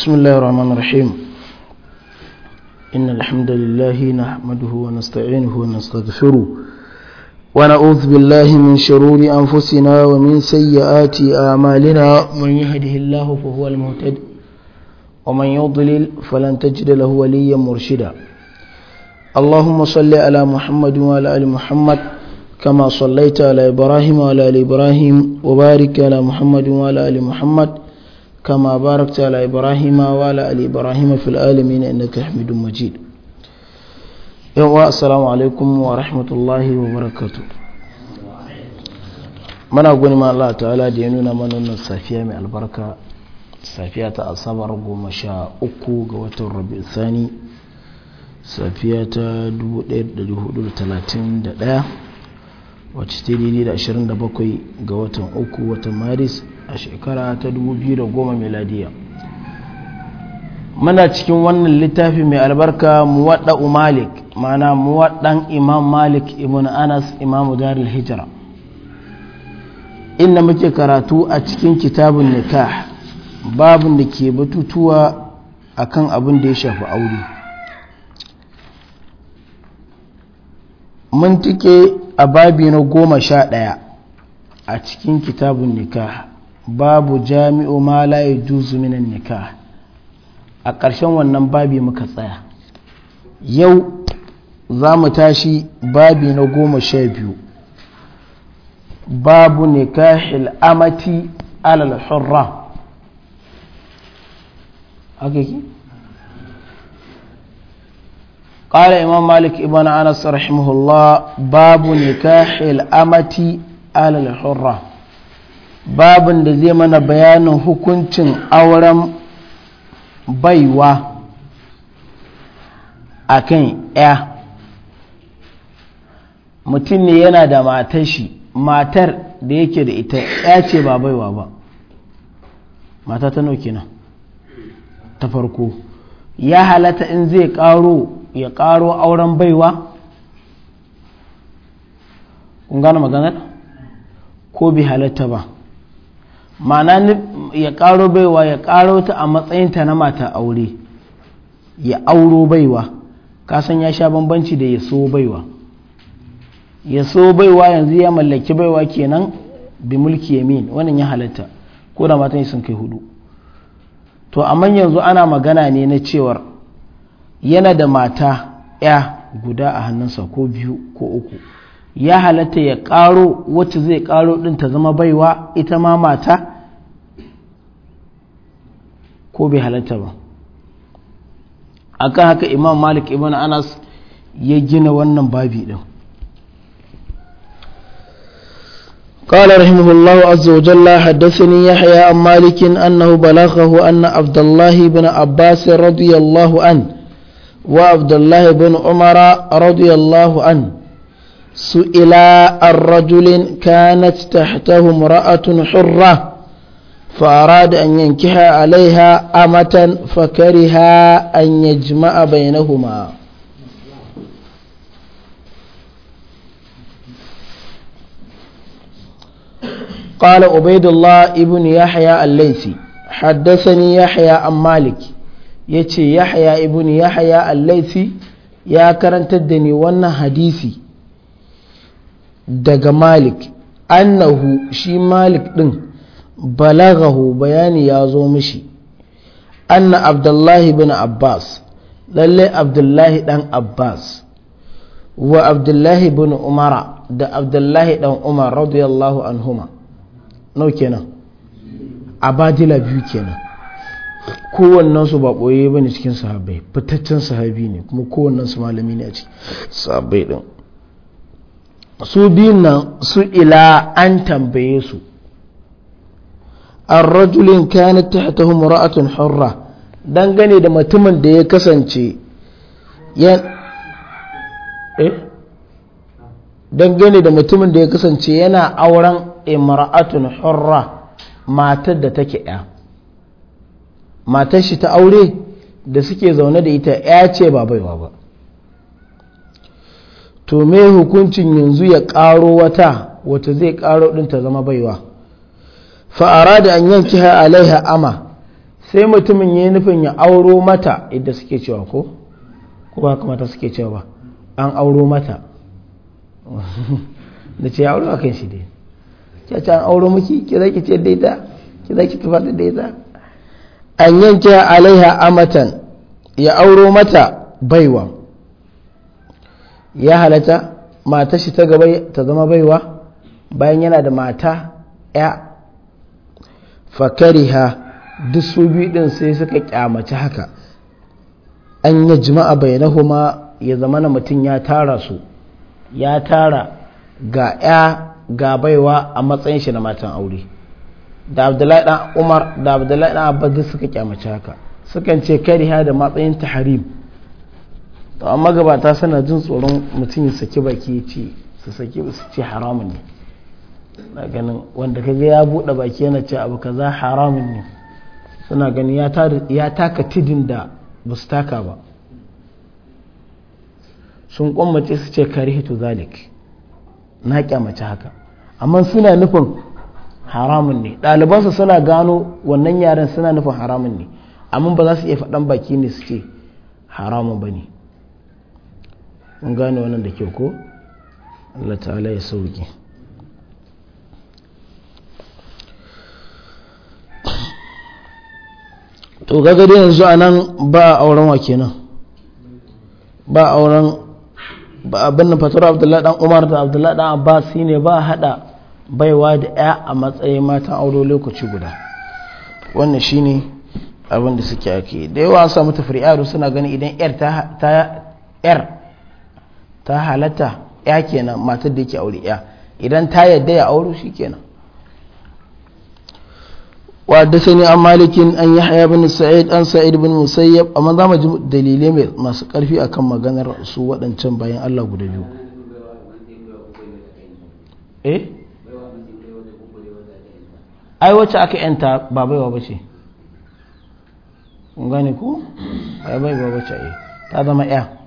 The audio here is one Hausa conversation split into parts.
بسم الله الرحمن الرحيم إن الحمد لله نحمده ونستعينه ونستغفره ونعوذ بالله من شرور أنفسنا ومن سيئات أعمالنا من يهده الله فهو المهتد ومن يضلل فلن تجد له وليا مرشدا اللهم صل على محمد وعلى آل محمد كما صليت على إبراهيم وعلى آل إبراهيم وبارك على محمد وعلى آل محمد كما باركت على إبراهيم وعلى آل إبراهيم في العالمين إنك حميد مجيد يوا السلام عليكم ورحمة الله وبركاته من أقول ما الله تعالى دينونا من أن السافية من البركة السافية أصبر قوم شاء أكو قوة الربيع الثاني السافية دو دو تلاتين دا وتشتري لي لأشرين دبقي 27 أكو وتماريس a shekara ta 2010 miladiya muna cikin wannan littafi mai albarka muwadda malik mana muwaddan imam malik ibn anas imamu darul hijira inda muke karatu a cikin kitabun nikah babin da ke batutuwa a kan abin da ya shafi aure mun tike a babi na goma sha ɗaya a cikin kitabun nikah babu jami'u ma la juzu minan nikah a ƙarshen wannan babi muka tsaya yau za mu tashi babi na goma sha biyu babu nikahil amati alal hurra قال إمام مالك ابن أنس رحمه الله باب نكاح الأمة على الحرة babin da zai mana bayanin hukuncin auren baiwa a kan ya mutum ne yana da matar shi matar da yake da ita ya ce ba baiwa ba mata ta nauki na ta farko ya halata in zai karo ya karo auren baiwa kun gane maganar ko bi halatta ba ma'ana ya karo baiwa ya ƙaro ta a ta na mata aure ya auro baiwa kasan ya sha bambanci da ya so baiwa ya so baiwa yanzu ya mallaki baiwa kenan bi mulki yamin wannan ya halatta ko da matan sun kai hudu to amma yanzu ana magana ne na cewar yana da mata ya guda a hannunsa ko biyu ko uku ya halatta ya ƙaro wacce zai ƙaro ɗin ta zama baiwa ita ma mata ko bai halatta ba akan haka imam malik ibn anas ya gina wannan babi ɗin قال رحمه الله عز وجل حدثني يحيى عن مالك أنه بلغه أن عبد الله بن عباس رضي الله عنه وعبد الله بن عمر رضي الله عنه سئل الرجل كانت تحته امرأة حرة فأراد أن ينكح عليها أمة فكره أن يجمع بينهما قال عبيد الله ابن يحيى الليثي حدثني يحيى عن مالك يتي يحيى ابن يحيى الليثي يا كرنت الدني وانا حديثي daga malik annahu shi malik din balagahu bayani ya zo mishi anna abdullahi bin abbas lalle abdullahi dan abbas wa abdullahi bin umara da abdullahi dan umar radiyallahu anhuma nau kenan abadila biyu kenan kowannen su ba ɓoye ba ne cikin sahabai. fitaccen sahabi ne kuma kowannen su malami ne a cikin sahabbai din su biyun nan su ila an tambaye su an rajulin kanat tahtahu mura'atun hurra dangane da mutumin da ya kasance eh? dangane da mutumin da ya kasance yana auren imra'atun hurra matar da take ya matar shi ta aure da suke zaune da ita ya ce ba baiwa to me hukuncin yanzu ya ƙaro wata wata zai ƙaro din ta zama baiwa fa'ara da an yanki ha alaiha ama sai mutumin ya nufin ya auro mata idda suke cewa ko ko ba kamata suke cewa ba an auro mata da ce ya auro a kan shi dai ya ce an auro miki ki za ki ce da ita ki za ki tufar da ita an yanki ha alaiha amatan ya auro mata baiwa ya halatta mata shi ta gaba ta zama baiwa bayan yana da mata ya ha duk su biyu ɗin sai suka kyamaci haka an yi jima'a bai bainahuma ya zama na mutum ya tara su ya tara ga ya ga baiwa a matsayin shi na matan aure da abdullahi ɗan umar da abdullahi ɗan abbas suka kyamaci haka sukan ce kariha da matsayin Harim. to amma gabata suna jin tsoron mutum ya saki baki ya ce su saki su ce haramun ne na ganin wanda kaga ya buɗe baki yana ce abu kaza haramun ne suna ganin ya taka tidin da ba su taka ba sun kwamace su ce karihatu zalik na kyamace haka amma suna nufin haramun ne ɗalibansu suna gano wannan yaren suna nufin haramun ne amma ba za su iya faɗan baki ne su ce haramun ba ne mun gane wannan da kyau ko Allah ta'ala ya sauke to ga yanzu a nan ba a auren wa kenan ba auren ba abin da abdullahi dan umar da abdullahi dan abbas shine ba hada baiwa da ya a matsayin matan auro lokaci guda wannan shine abin da suke ake da yawa an samu suna gani idan yar ta yar ta halatta ya kenan matar da ke aure ya idan ta yadda ya auro shi kenan wadda sani an malikin an yi haya bin sa'id an sa'id bin musayyab amma za mu ji dalilai masu karfi akan maganar su waɗancan bayan allah guda biyu eh ai wacce aka yanta ba baiwa ba ce gane ku ai baiwa ba ce eh. ta zama 'ya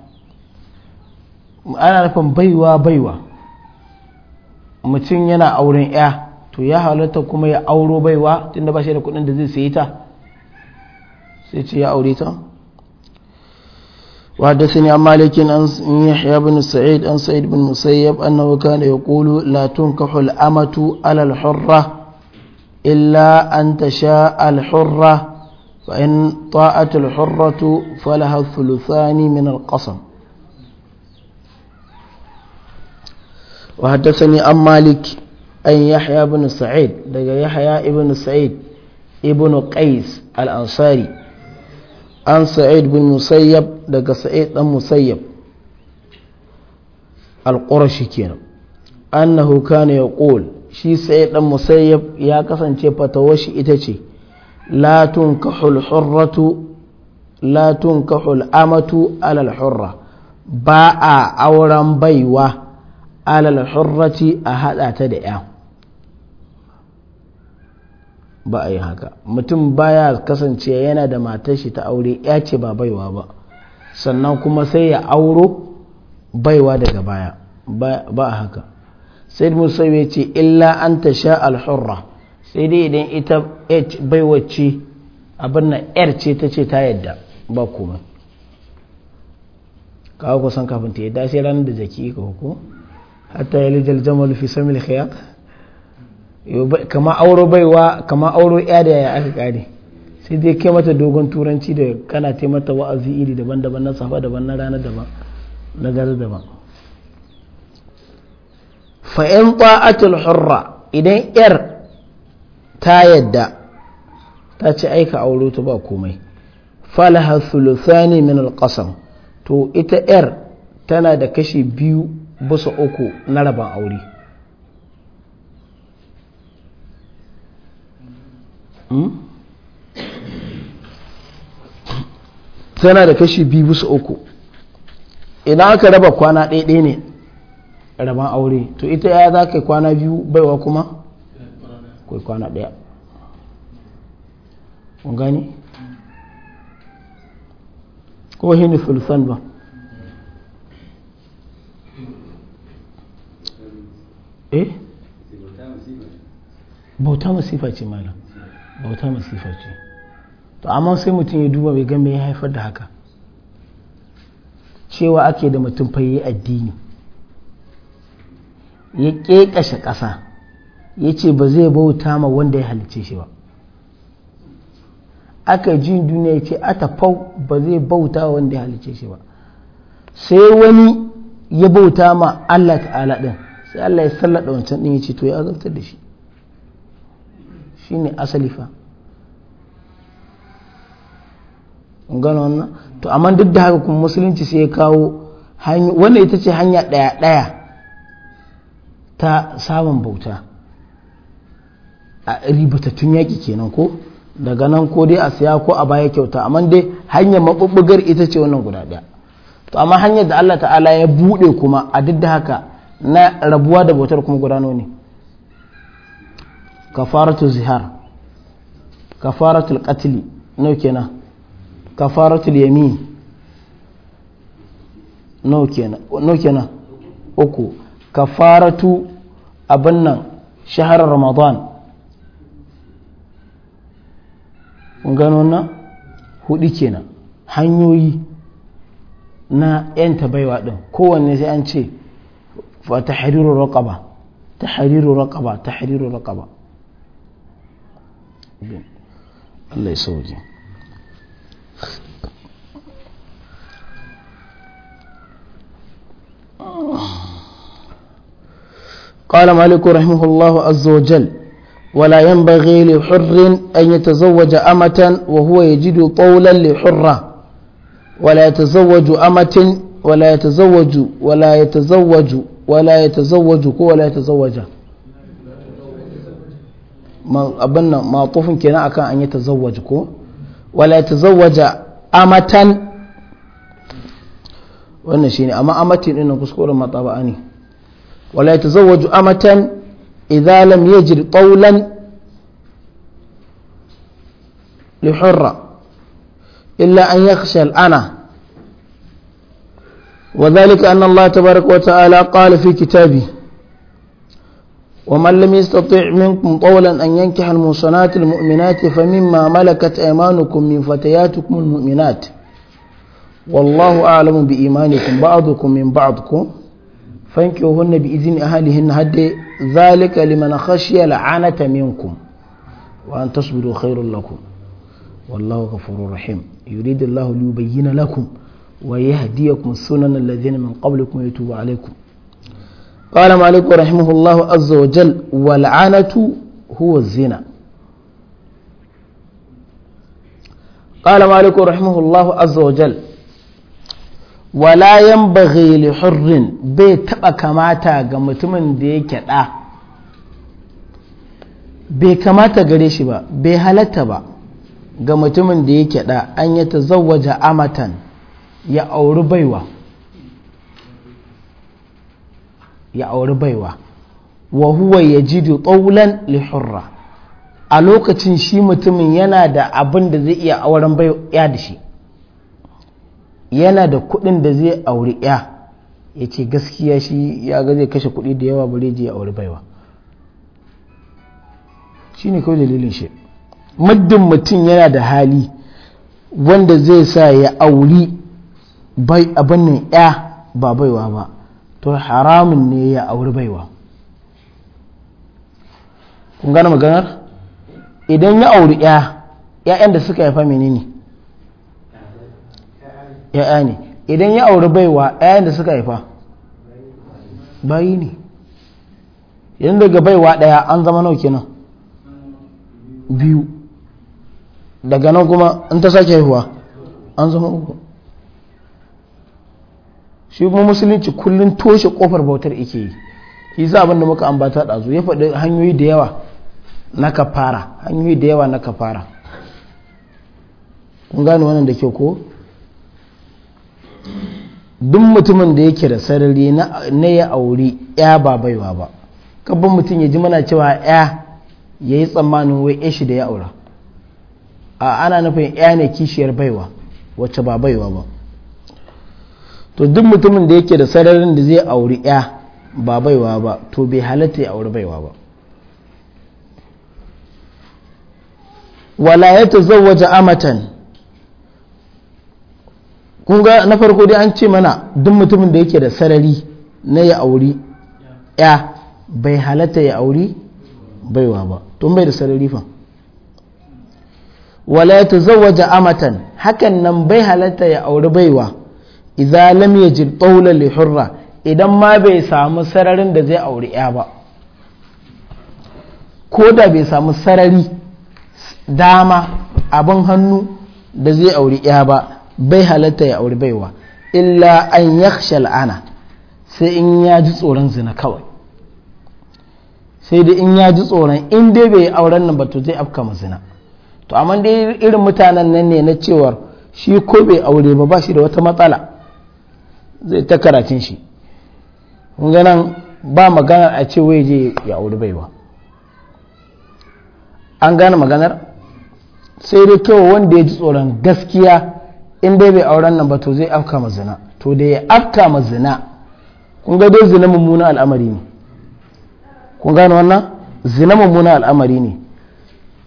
ana nufin baiwa baiwa mutum yana auren 'ya to ya halatta kuma ya auro baiwa tun da ba da kudin da zai sayi ta sai ya aure ta wadda sun yi a malikin an yi bin sa'id an sa'id bin musayyab an nauka da ya kulu latun kahul amatu alal hurra illa an ta sha al hurra fa in ta'atul hurratu falahar min al qasam wa haddace an malik an yahya bin sa'id daga yahya ibn sa'id ibn qes al-ansari an sa'id bin musayab daga sa'id dan musayab al-qurashi kenan an na hukana ya kul shi sa'id dan musayyab ya kasance bata ita ce latun ka hul amma tu alal xorra ba a auren bai wa. alal hurrati a haɗa ta da ya ba a yi haka mutum baya kasance yana da matar shi ta aure ya ce ba baiwa ba sannan kuma sai ya auro baiwa daga baya ba haka sai musa ya ce illa an ta sha alhurra sai dai idan ita h baiwacce abin na yar ce ta ce ta yadda ba kuma kawo kusan kafin ta yadda sai ranar da jaki ka hatta yalija aljamal fi samil kama auro baiwa kama auro ya da ya aka kare sai dai kai mata dogon turanci da kana ta mata wa'azi iri daban-daban na safa daban na rana daban na gari daban fa ta'atul hurra idan yar ta yadda ta ce aika auro ta ba komai falaha thuluthani min alqasam to ita yar tana da kashi biyu bisa uku na rabon aure hmm? tana da kashi biyu bisa uku idan aka raba kwana ɗaya ne rabon aure to ita ya za ka kwana biyu baiwa kuma kai kwana ɗaya kun gani ko hini fulfan ba eh bauta masifa ce malam bauta masifa ce to amma sai mutum ya duba bai ga ya haifar da haka cewa ake da mutum fayi addini ya ƙeƙashe ƙasa ya ce ba zai bauta ma wanda ya halice shi ba aka jin duniya ya ce atafau ba zai bauta wanda ya halice shi ba sai wani ya bauta ma Allah ta'ala sai Allah ya sallada wancan ya ce to ya azabtar da shi shine asali fa gano wannan to amma duk da haka kuma musulunci sai ya kawo wannan ita ce hanya ɗaya ɗaya ta samun bauta a ribatattun yaƙi kenan ko daga nan ko dai a siya ko a baya kyauta amma dai hanyar maɓuɓɓugar ita ce wannan guda ɗaya to amma hanyar da Allah ta'ala ya buɗe kuma a duk da haka na rabuwa da bautar kuma gudano ne kafaratu zihar kafaratul qatli nau kenan kafaratul yamin nau kenan uku kafaratu abin nan shaharar ramadan gano na hudu kenan hanyoyi na 'yan baiwa din kowanne sai an ce فتحرير الرقبة تحرير الرقبة تحرير الرقبة الله يسوي قال مالك رحمه الله عز وجل ولا ينبغي لحر أن يتزوج أمة وهو يجد طولا لحرة ولا يتزوج أمة ولا يتزوج ولا يتزوج ولا يتزوج ولا يتزوج من أبنى ما طوفن كنا أكا أن يتزوج ولا يتزوج أمة wannan shine amma amatin ɗin kuskuren matsaba ne wala ya tazawwaju amatan idza lam yajid qawlan li hurra illa an yakhsha al ana وذلك أن الله تبارك وتعالى قال في كتابه ومن لم يستطع منكم طولا أن ينكح المحصنات المؤمنات فمما ملكت أيمانكم من فتياتكم المؤمنات والله أعلم بإيمانكم بعضكم من بعضكم فانكوهن بإذن أهلهن هدي ذلك لمن خشي لعنة منكم وأن تصبروا خير لكم والله غفور رحيم يريد الله ليبين لكم ويهديكم سنن الذين من قبلكم ويتوب عليكم قال مالك رحمه الله عز وجل والعنة هو الزنا قال مالك رحمه الله عز وجل ولا ينبغي لحر بيت كماتا غمتمن ديك دا bai kamata gare shi ba bai halatta ba ga mutumin da yake da an ya tazawwaja amatan ya auri baiwa ya auri baiwa wa huwa yajidu tawlan li hurra a lokacin shi mutumin yana da abin da zai iya auren baiwa da shi yana da kuɗin da zai auri ya ya ce gaskiya shi ya ga zai kashe kuɗi da yawa bare je ya auri baiwa shi ne kawai dalilin shi muddin mutum yana da hali wanda zai sa ya auri bai abin nan ya ba baiwa ba to haramun ne ya auri baiwa kun gane maganar idan ya auri ya ya'yan da suka haifa menene ya'ya ne idan ya auri baiwa ya'yan da suka haifa bayi ne idan daga baiwa daya an zama nau kenan biyu daga nan kuma in ta sake haihuwa an zama uku shi kuma musulunci kullum toshe kofar bautar ike yi shi za abin da muka ambata ɗazu ya faɗi hanyoyi da yawa na kafara hanyoyi da yawa na kafara kun gane wannan da ke ko duk mutumin da yake da sarari na ya auri ya ba baiwa ba kabban mutum ya ji mana cewa ya ya yi tsammanin wai ya shi da ya aura a ana nufin ya ne kishiyar baiwa wacce ba baiwa ba to duk mutumin da yake da sararin da zai auri ya ba baiwa ba to bai halatta ya auri baiwa ba wala ya tazawwaja amatan kun ga na farko dai an ce mana duk mutumin da yake da sarari na ya auri ya bai halatta ya auri baiwa ba tun bai da sarari fa wala ya tazawwaja amatan hakan nan bai halatta ya auri baiwa idza lam yajid tawla li hurra idan ma bai samu sararin da zai auri ya ba ko da bai samu sarari dama abin hannu da zai auri ya ba bai halatta ya auri baiwa illa an yakhsha ana sai in ya ji tsoron zina kawai sai da in ya ji tsoron in dai bai auren nan ba to zai afka zina to amma dai irin mutanen nan ne na cewar shi ko bai aure ba ba shi da wata matsala zai ta karatun shi kun nan ba magana a ce wai je ya auri baiwa an gane maganar sai dai kyau wanda ya ji tsoron gaskiya in dai bai auren nan ba to zai afka ma zina to da ya afka ma zina kun ga dai zina mummunan al'amari ne kun gane wannan zina mummunan al'amari ne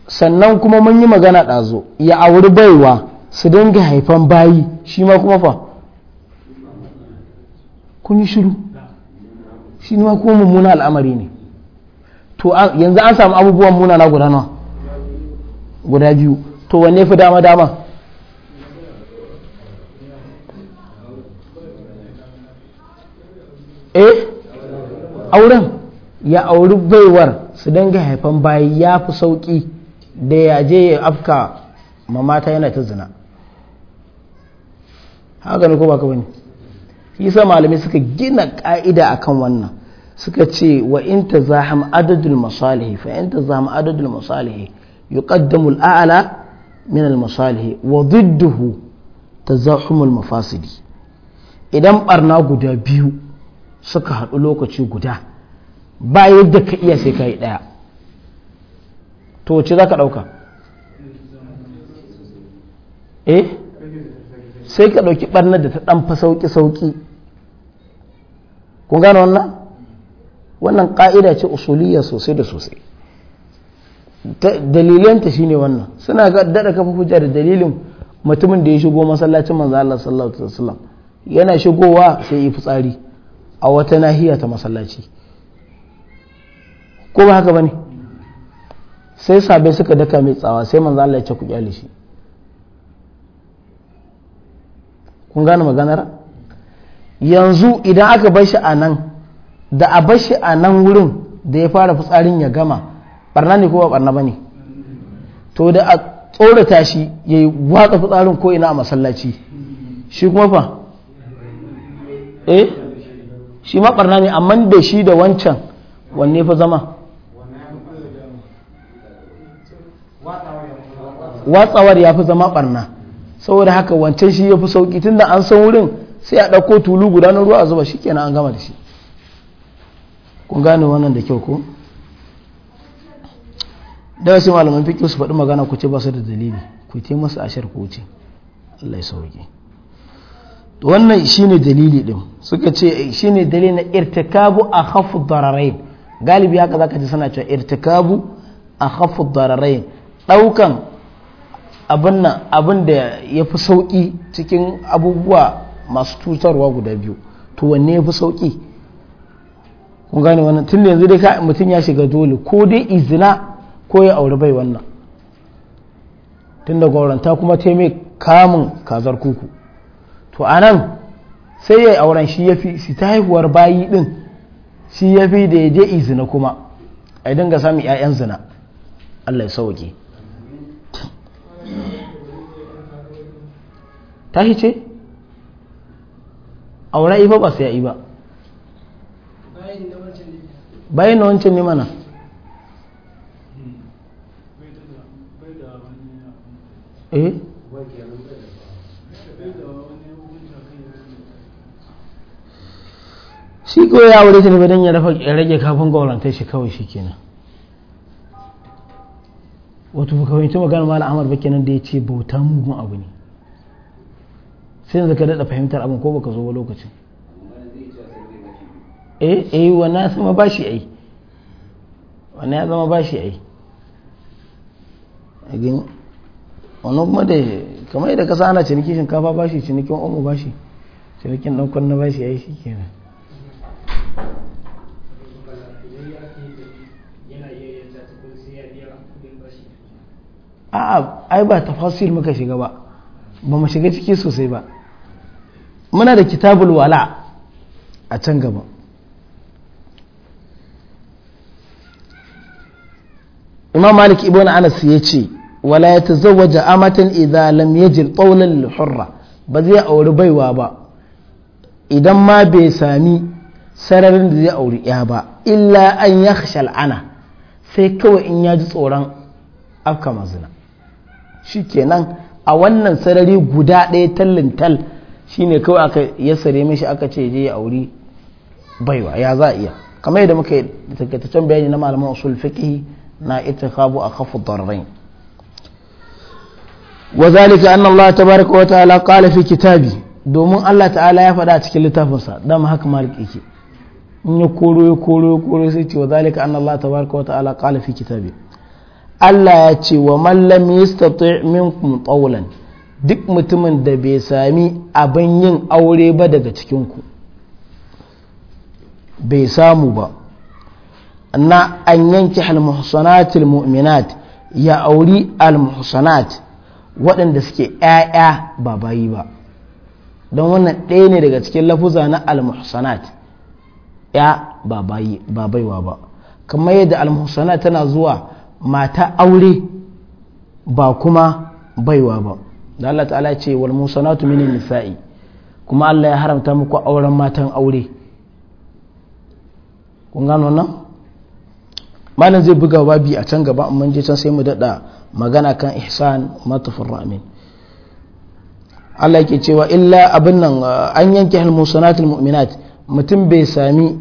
sannan kuma mun yi magana ɗazo ya auri baiwa su dinga haifan bayi shi ma kuma fa kun yi shiru shi ne kuma mummuna al'amari ne to yanzu an samu abubuwan muna na guda nawa guda biyu to wanne fi dama dama eh auren ya auri baiwar su danga haifan bayi ya fi sauki da ya je ya afka mamata yana ta zina haka ne ko baka shi yasa malamai suka gina ka'ida akan wannan suka ce wa in tazaham adadul masalihi fa in zaham adadul masalihi yi al-a'la min al-masalihi wa didduhu tazahumul mafasidi idan barna guda biyu suka haɗu lokaci guda ba yadda ka iya sai ka yi ɗaya to ce za ka ɗauka eh? sai ka ɗauki ɓarnar da ta ɗan fa sauƙi-sauƙi kun gano wannan wannan ka'ida ce usuliyya sosai da sosai dalilanta shine wannan suna ga dada kafa hujja da dalilin mutumin da ya shigo masallacin manzo Allah sallallahu alaihi wasallam yana shigowa sai yi fitsari a wata nahiya ta masallaci ko ba haka bane sai sabai suka daka mai tsawa sai manzo Allah ya ce ku kyale shi kun gane maganar yanzu idan aka bar shi a nan da a bar shi a nan wurin da ya fara fitsarin ya gama barna ne ko ba barna ba ne to da a tsorata shi ya yi watsa fitsarin ko ina a masallaci shi kuma fa eh shi ma barna ne amma da shi da wancan wanne fa zama watsawar ya fi zama barna saboda haka wancan shi ya fi sauki tunda an san wurin sai a ɗauko tulu guda na ruwa a zuba shi kenan an gama da shi kun gane wannan da kyau ko da wasu malaman fiƙi su faɗi magana ku ce ba su da dalili ku ce masu ashar ku ce allai sauƙi wannan wannan shine dalili din suka ce shine dalili na irtikabu a hafu dararai galibi haka zaka ji suna cewa irtikabu a hafu dararai ɗaukan abin da ya fi sauƙi cikin abubuwa masu cutarwa guda biyu to wanne ya fi sauki kun gane wannan tun da yanzu dai ka mutum ya shiga dole ko dai izina ko ya auri bai wannan tun da gwaranta kuma ta mai kamun kazar kuku to a nan sai ya auren shi ya fi shi ta haihuwar bayi din shi ya fi da ya je izina kuma a dinga samun 'ya'yan zina allah ya sauke ta ce aure ifa ba ya yi ba bayan da wancan mana eh shi kawai ya wuri shi ne don ya rage kafin gaurantar shi kawai shi kenan wato kawai tun magana mala amur ba kenan da ya ce bauta mugun abu ne sai yanzu ka daɗa fahimtar abin ko baka zo ba lokacin eh eh ya zama bashi ai wani ya zama bashi ai agin wani kuma da kamar yadda kasa ana cinikin shinkafa bashi cinikin omo bashi cinikin ɗaukar na bashi ai shi kenan a'a ai ba tafasir muka shiga ba ba mu shiga ciki sosai ba muna da kitabul wala a can gaba imam malik ibn anas ya ce wala ya tazawwaja amatan idza lam jir qawlan hurra ba zai auri baiwa ba idan ma bai sami sararin da zai auri ya ba illa an yakhsha shal'ana, sai kawai in ya ji tsoron afka mazina shikenan a wannan sarari guda ɗaya tallin tal shine kawai aka yassare mishi aka ce je ya auri baiwa ya za iya kamar yadda muka yi takaitaccen bayani na malaman usul fiqh na ittikhabu khafu darrain wa zalika anna Allah tabaaraka wa ta'ala qala fi kitabi domin Allah ta'ala ya faɗa a cikin littafinsa dan haka malik yake in ya koro ya koro ya koro sai ce wa zalika anna Allah tabaaraka wa ta'ala qala fi kitabi Allah ya ce wa man lam yastati' minkum tawlan duk mutumin da bai sami abin yin aure ba daga cikinku bai samu ba na an yanki almuhsanatul mu'minat ya auri almuhsanat waɗanda suke ‘ya'ya ba bayi ba don wannan ɗaya ne daga cikin lafuza na almuhsanat ‘ya ba baiwa ba kamar yadda almuhsanat tana zuwa mata aure ba kuma baiwa ba da Allah ta'ala ce wal musanatu min nisa'i kuma Allah ya haramta muku auren matan aure kun gano nan malam zai buga babi a can gaba amma je can sai mu dada magana kan ihsan matafur ramin. Allah yake cewa illa abin nan uh, an yanke hal musanatul mu'minat mutum bai sami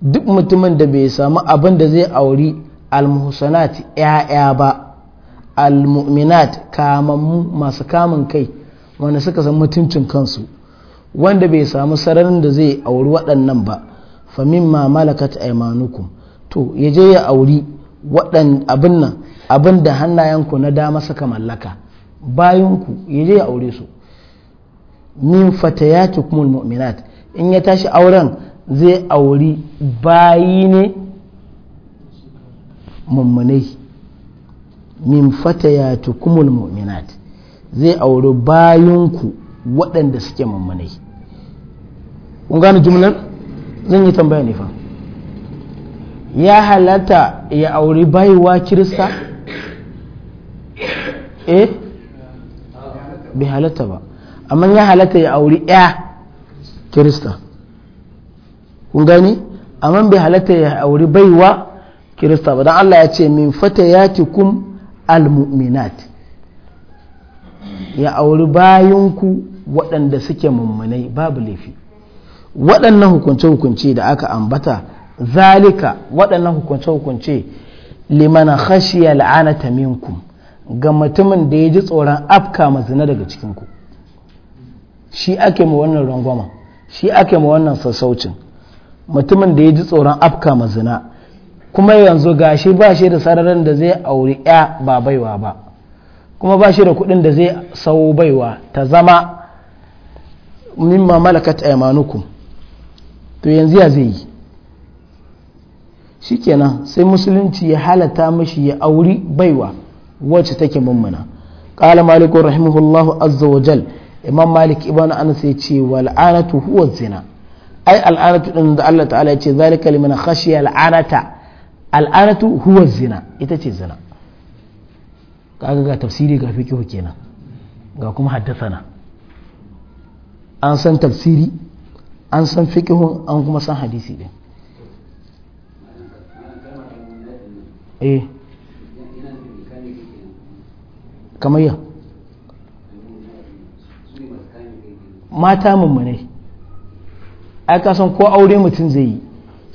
duk mutumin da bai sami abin da zai auri al muhsanat ya'ya ba almu'minat kamammu masu kamun kai wanda suka san mutuncin kansu wanda bai samu sararin da zai auri waɗannan ba fa ma malakat aymanukum to ya je ya auri waɗan abin nan abin da hannayenku na dama suka mallaka bayanku ya je ya aure su min al mu'minat in ya tashi auren zai auri bayi ne mummunai min kumul mu'minat zai auri bayanku waɗanda suke mummunai kun gane jumlan zan yi tambaya ne fa ya halatta ya auri baiwa kirista eh bai halata ba amma ya halatta ya auri ya kirista kun gane amma bai halatta ya auri baiwa kirista ba don Allah ya ce min fatayatikum almu'minat ya auri bayanku waɗanda suke mummunai babu laifi waɗannan hukunce-hukunce da aka ambata zalika waɗannan hukunce-hukunce liman khashiya la'anata minkum ga mutumin da ya ji tsoron afka mazina daga cikinku shi ake ma wannan rangwama shi ake ma wannan sassaucin mutumin da ya ji tsoron afka mazina kuma yanzu gashi ba shi da sararin da zai auri ya ba baiwa ba kuma ba shi da kuɗin da zai sau baiwa ta zama mimma malakat aymanukum to yanzu ya zai yi shikenan sai musulunci ya halata mashi ya auri baiwa wacce take mummuna qala malik rahimahullahu azza wa jal imam malik ibn anas ya ce wal anatu huwa zina ai al'anatu din da Allah ta'ala ya ce zalika liman khashiya al'anata al'anatu huwa zina ita ce zina kaga ga tafsiri ga fiqh kenan ga kuma haddathana an san tafsiri an san fiqh an kuma san hadisi din eh kamar ya mata mummune ai ka san ko aure mutum zai yi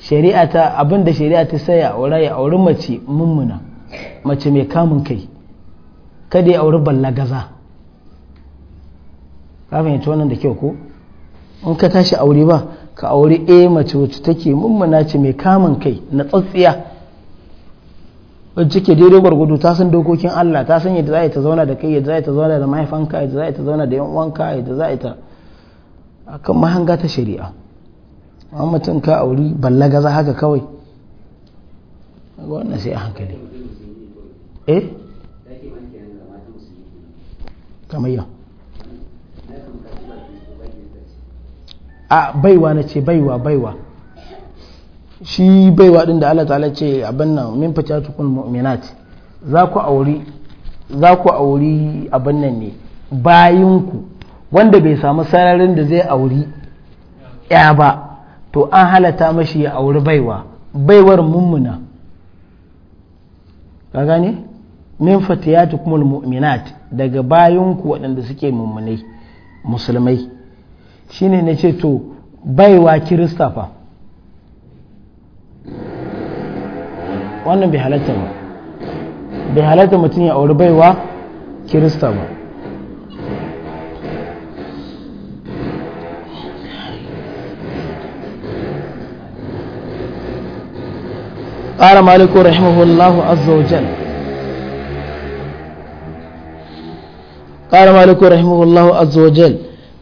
shari'a ta abinda shari'a ta saya aure wurin auri mace mummuna mace mai kamun kai kada ya auri ballagaza ka fahimci wannan da kyau ko in ka tashi aure ba ka auri a mace wacce take mummuna ce mai kamun kai na tsatsiya wacce ke daidai gwargwado ta san dokokin Allah ta san yadda za ta zauna da kai yadda za ta zauna da mahaifanka yadda za ta zauna da yan uwanka yadda za ta akan mahanga ta shari'a an mutum ka auri ballaga za haka kawai wannan sai a hankali eh kamar yau a baiwa na ce baiwa baiwa shi baiwa din da Allah ta'ala ce abin nan min fita tukun mu'minat za ku auri za ku auri abin nan ne bayinku wanda bai samu sararin da zai auri ya ba to an halatta mashi ya auri baiwa baiwar mummuna ka gane min fatiyatu kuma mu'minat daga bayanku waɗanda suke mummunai musulmai shine na ce to baiwa kirista fa wannan bai halatta ba bai halatta mutum ya auri baiwa kirista ba قال مالك رحمه الله عز وجل قال مالك رحمه الله عز وجل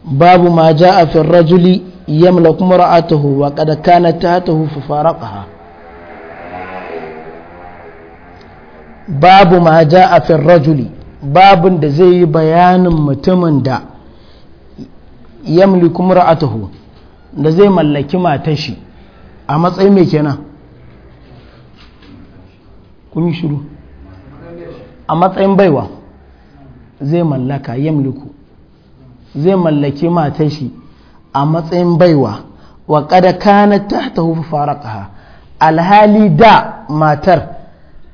باب ما جاء في الرجل يملك امرأته وقد كانت تحته ففارقها babu ma ja a rajuli babin da zai yi bayanin mutumin da yamliku ra'atahu da zai mallaki matashi a matsayin mai kenan kun yi shiru a matsayin baiwa zai mallaka yamliku zai mallake matan shi a matsayin baiwa wa kada kana ta hufu ƙaha alhali da matar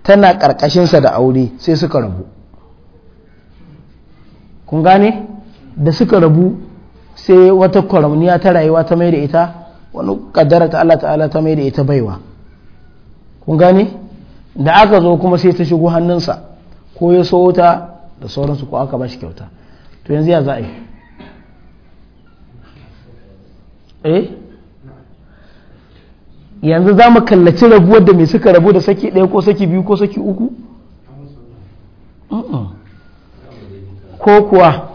tana sa da aure sai suka rabu kun gane da suka rabu sai wata kwaramniya ta rayuwa ta mai da ita wani kaddara ta Allah ta'ala ta mai da ita baiwa kun gane da aka zo kuma sai ta shigo hannunsa ko ya so ta da sauransu ko aka ba kyauta to yanzu ya za a yi eh? yanzu za mu kallaci rabuwar da mai suka rabu da saki ɗaya ko saki biyu ko saki uku ko kuwa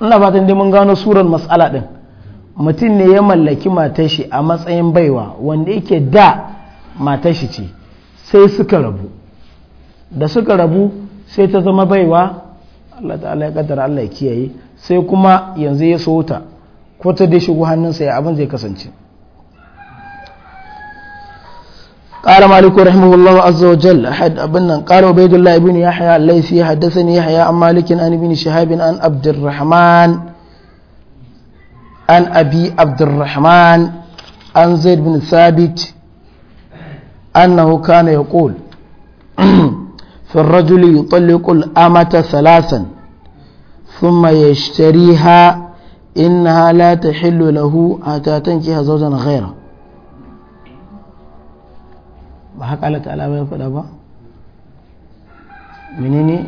ina fatan dai mun gano surar matsala ɗin mutum ne ya mallaki matashi a matsayin baiwa wanda yake da matashi ce sai suka rabu da suka rabu sai ta zama baiwa Allah ta'ala ya kaddara Allah ya kiyaye sai kuma yanzu ya sota ko ta dai shigo hannunsa ya abin zai kasance قال مالك رحمه الله عز وجل أحد أبنا قال عبيد الله بن يحيى الليثي حدثني يحيى عن مالك عن ابن شهاب عن عبد الرحمن عن أبي عبد الرحمن عن زيد بن ثابت أنه كان يقول في الرجل يطلق الأمة ثلاثا ثم يشتريها إنها لا تحل له حتى تنكح زوجا غيره بحق الله تعالى ويقول أبا منيني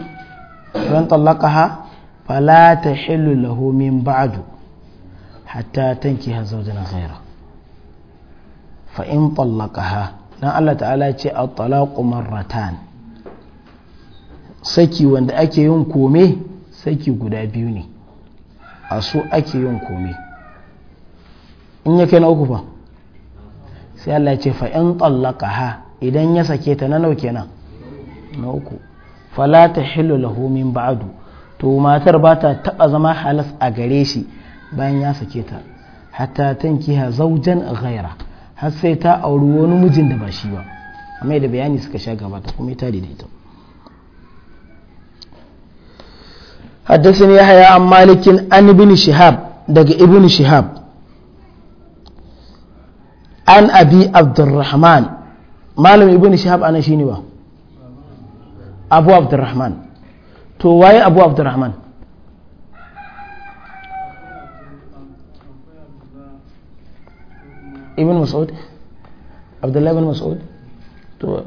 فإن طلقها فلا تحل له من بعد حتى تنكح زوجا غيره فإن طلقها dan Allah ta'ala ce a talaqu marratan saki wanda ake yin kome saki guda biyu ne a so ake yin kome in ya kai na uku fa sai Allah ce fa in ha idan ya sake ta na nauke kenan na uku fala tahillu lahu min ba'du to matar ba ta taba zama halas a gare shi bayan ya sake ta hatta tankiha zawjan ghaira har sai ta auri wani mijin da ba shi ba amma da bayani suka sha gaba ta kuma ta daidaita haddasin ya haya an malikin an ibn shihab daga ibn shihab an abi abdurrahman malam ibn shihab ana shi ne ba abu abdurrahman to waye abu abdurrahman ibn mas'ud abdullahi ibn mas'ud to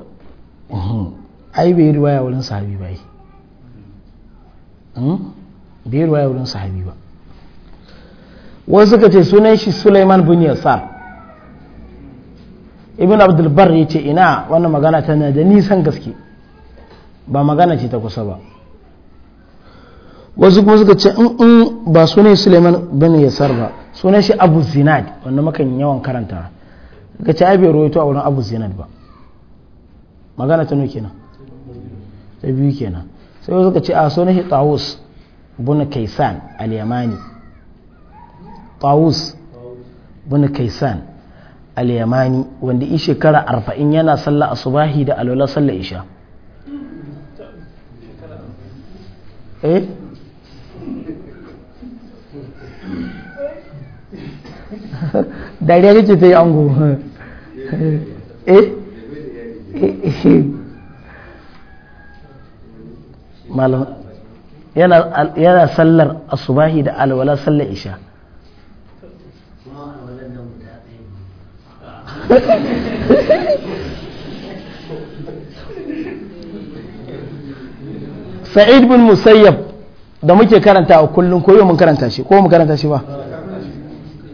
ai bai riwaya wurin sahabi ba hmm? yi bai riwaya wurin sahabi ba wasu suka ce sunan shi Suleiman bin Yasar Ibn Abdul ya ce ina wannan magana tana da nisan gaske ba magana ce ta kusa ba wasu kuma suka ce in mm, mm, ba sunan suleiman bin sar ba sunan shi abu zinad wanda makan yawan karanta ga ce abin bai a wurin abu zinad ba magana ta nuke nan ta biyu kenan sai wasu suka ce a sunan shi tawus bin kaisan alyamani yamani tawus bin kaisan alyamani wanda yi shekara arfa'in yana sallah subahi da alwala sallah isha eh dariya kake ta yi ango eh malam yana sallar asubahi da alwala sallar isha sa'id bin musayyab da muke karanta a kullum ko yau mun karanta shi ko mun karanta shi ba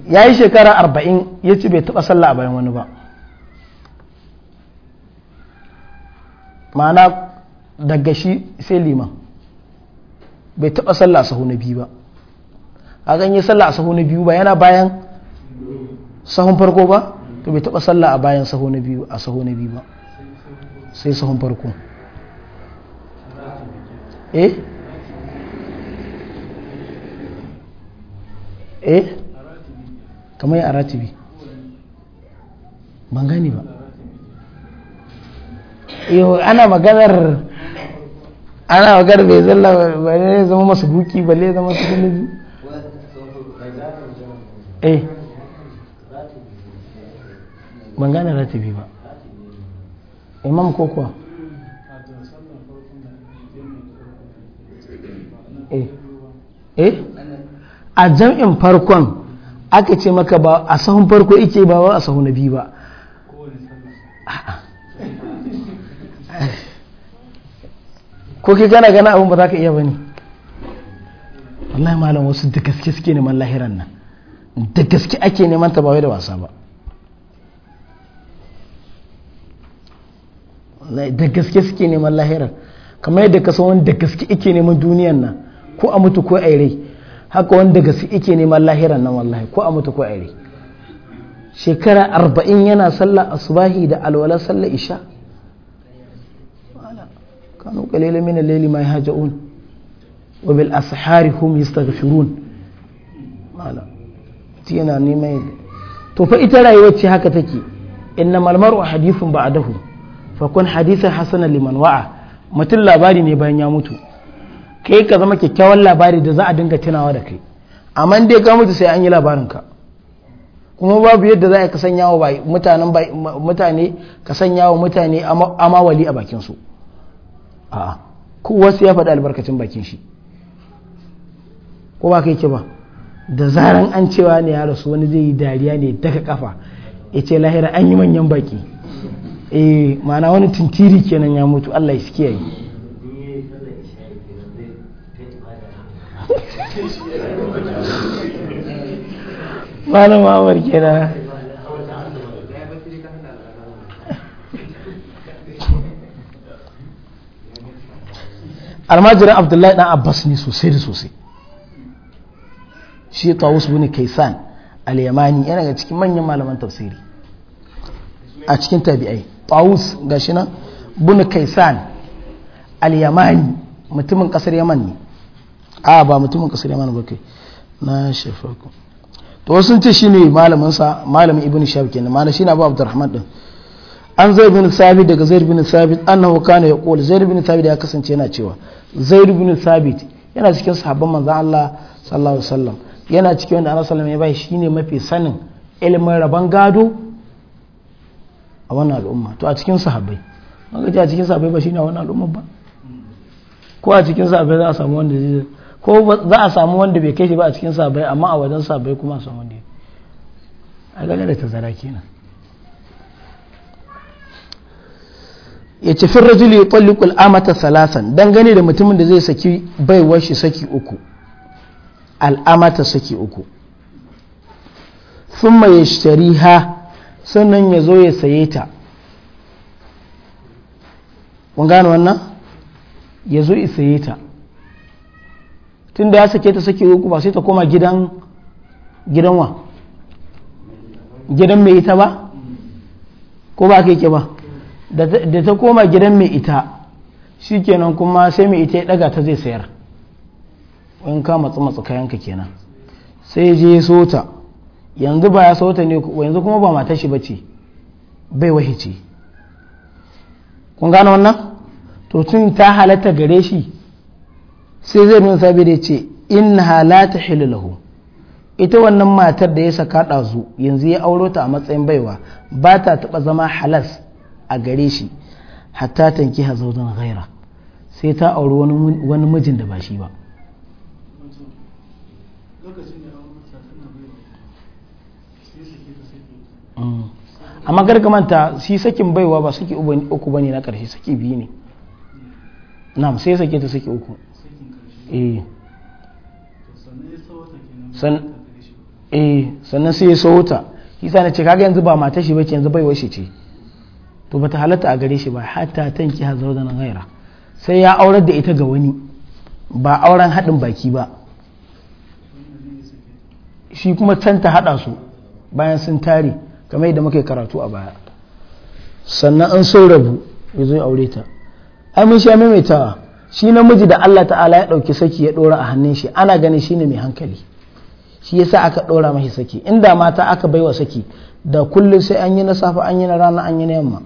ya yi shekara arba'in ya ci bai taɓa sallah a bayan wani ba ma'ana daga shi sai liman bai taɓa sallah a sahu na biyu ba a ganye sallah a sahu na biyu ba yana bayan sahun farko ba to bai taɓa sallah a bayan sahu na biyu a sahu na biyu ba sai sahun farko eh eh kamar a ratibi ban gani ba yau ana maganar ana maganar bai zalla ba ne zama masu buki ba ne zama su kulubi eh ban gane ratibi ba imam ko kuwa eh eh a jam'in farkon aka ce maka ba a sahun farko ike ba wa a sahun na biyu ba ko ke gana gana abin ba za ka iya ba ne wallahi malam wasu da gaske suke neman lahiran nan da gaske ake neman ta ba da wasa ba da gaske suke neman lahirar kamar yadda ka san da gaske ake neman duniyan nan ko a mutu ko a rai haka wanda gaske ike neman lahiran nan wallahi ko a mutu ko a rai shekara arba'in yana sallah asubahi da alwala sallah isha kanu kalilin min al-layli ma yahjaun wa bil ashari hum yastaghfirun mala tiyana ne mai to fa ita rayuwar ce haka take innamal mar'u hadithun ba'dahu fa kun hadithan hasanan liman wa'a mutum labari ne bayan ya mutu kai ka zama kyakkyawan labari da za a dinga tunawa da kai amma dai ka mutu sai an yi labarin ka kuma babu yadda za a ka sanya wa mutanen mutane ka sanya wa mutane amawali a bakin su a kowa sai ya faɗi albarkacin bakin shi ko ba kai ki ba da zaran an cewa ne ya rasu wani zai yi dariya ne daga kafa ya ce lahira an yi manyan baki eh ma'ana wani tintiri kenan ya mutu Allah ya yi malam amur kenan almajirin abdullahi dan abbas ne sosai da sosai shi tawus bin kaisan al-yamani yana ga cikin manyan malaman tafsiri a cikin tabi'ai tawus gashi nan bin kaisan al-yamani mutumin kasar yaman ne a ba mutumin kasar yaman ba kai na shafaku to sun ce shine malamin sa malamin ibn shafi kenan malam shine abu abdurrahman din an zaid bin sabit daga zaid bin sabit annahu kana yaqul zaid bin sabit ya kasance yana cewa zaid bin sabit yana cikin sahabban manzon Allah sallallahu alaihi wasallam yana cikin wanda Allah sallallahu alaihi wasallam ya bai shine mafi sanin ilimin rabon gado a wannan al'umma to a cikin sahabbai an ga a cikin sahabbai ba shine a wannan al'umma ba ko a cikin sahabbai za a samu wanda zai ko za a samu wanda bai kai shi ba a cikin sabai amma a wajen sabai kuma a samu ne a gane da tazara kenan ya ci fin rajuli ya tsallikul amata salasan dangane da mutumin da zai saki baiwar shi saki uku al'amata saki uku sun mai shariha sannan ya zo ya saye ta kun gane wannan ya zo ya saye ta tun da ya sake ta sake uku ba sai ta koma gidan gidan wa gidan mai ita ba ko ba ka yake ba da ta koma gidan mai ita shi kenan kuma sai mai ita ya daga ta zai sayar wani ka matsa matsa kayanka kenan sai je ya sota yanzu ba ya sota ne yanzu kuma ba mata shi bace bai wahici kun gane wannan to tun ta halatta gare shi sai zai bin sabi da ce in la tahillu lahu ita wannan matar da ya saka ɗazu yanzu ya auro ta a matsayin baiwa ba ta taɓa zama halas a gare shi hatta tanki hazaudan ghaira sai ta auri wani mijin da ba shi ba mm. amma gargamanta manta shi sakin baiwa ba suke uku bane na ƙarshe saki biyu ne na sai sake ta saki uku Eh. eh sannan sai ya sauta kisa na ce kaga yanzu ba mata shi bace yanzu bai washe ce to bata halatta a gare shi ba hatta tanki ha zauda nan gaira sai ya aurar da ita ga wani ba auren haɗin baki ba shi kuma can ta haɗa su bayan sun tare kamar yadda muka karatu a baya sannan an sau rabu ya aure ta ai maimaitawa shi namiji da Allah ta'ala ya ɗauki saki ya ɗora a hannun shi ana ganin shi ne mai hankali shi yasa aka ɗora mashi saki inda mata aka baiwa saki da kullum sai an yi na safe an yi na rana an yi na yamma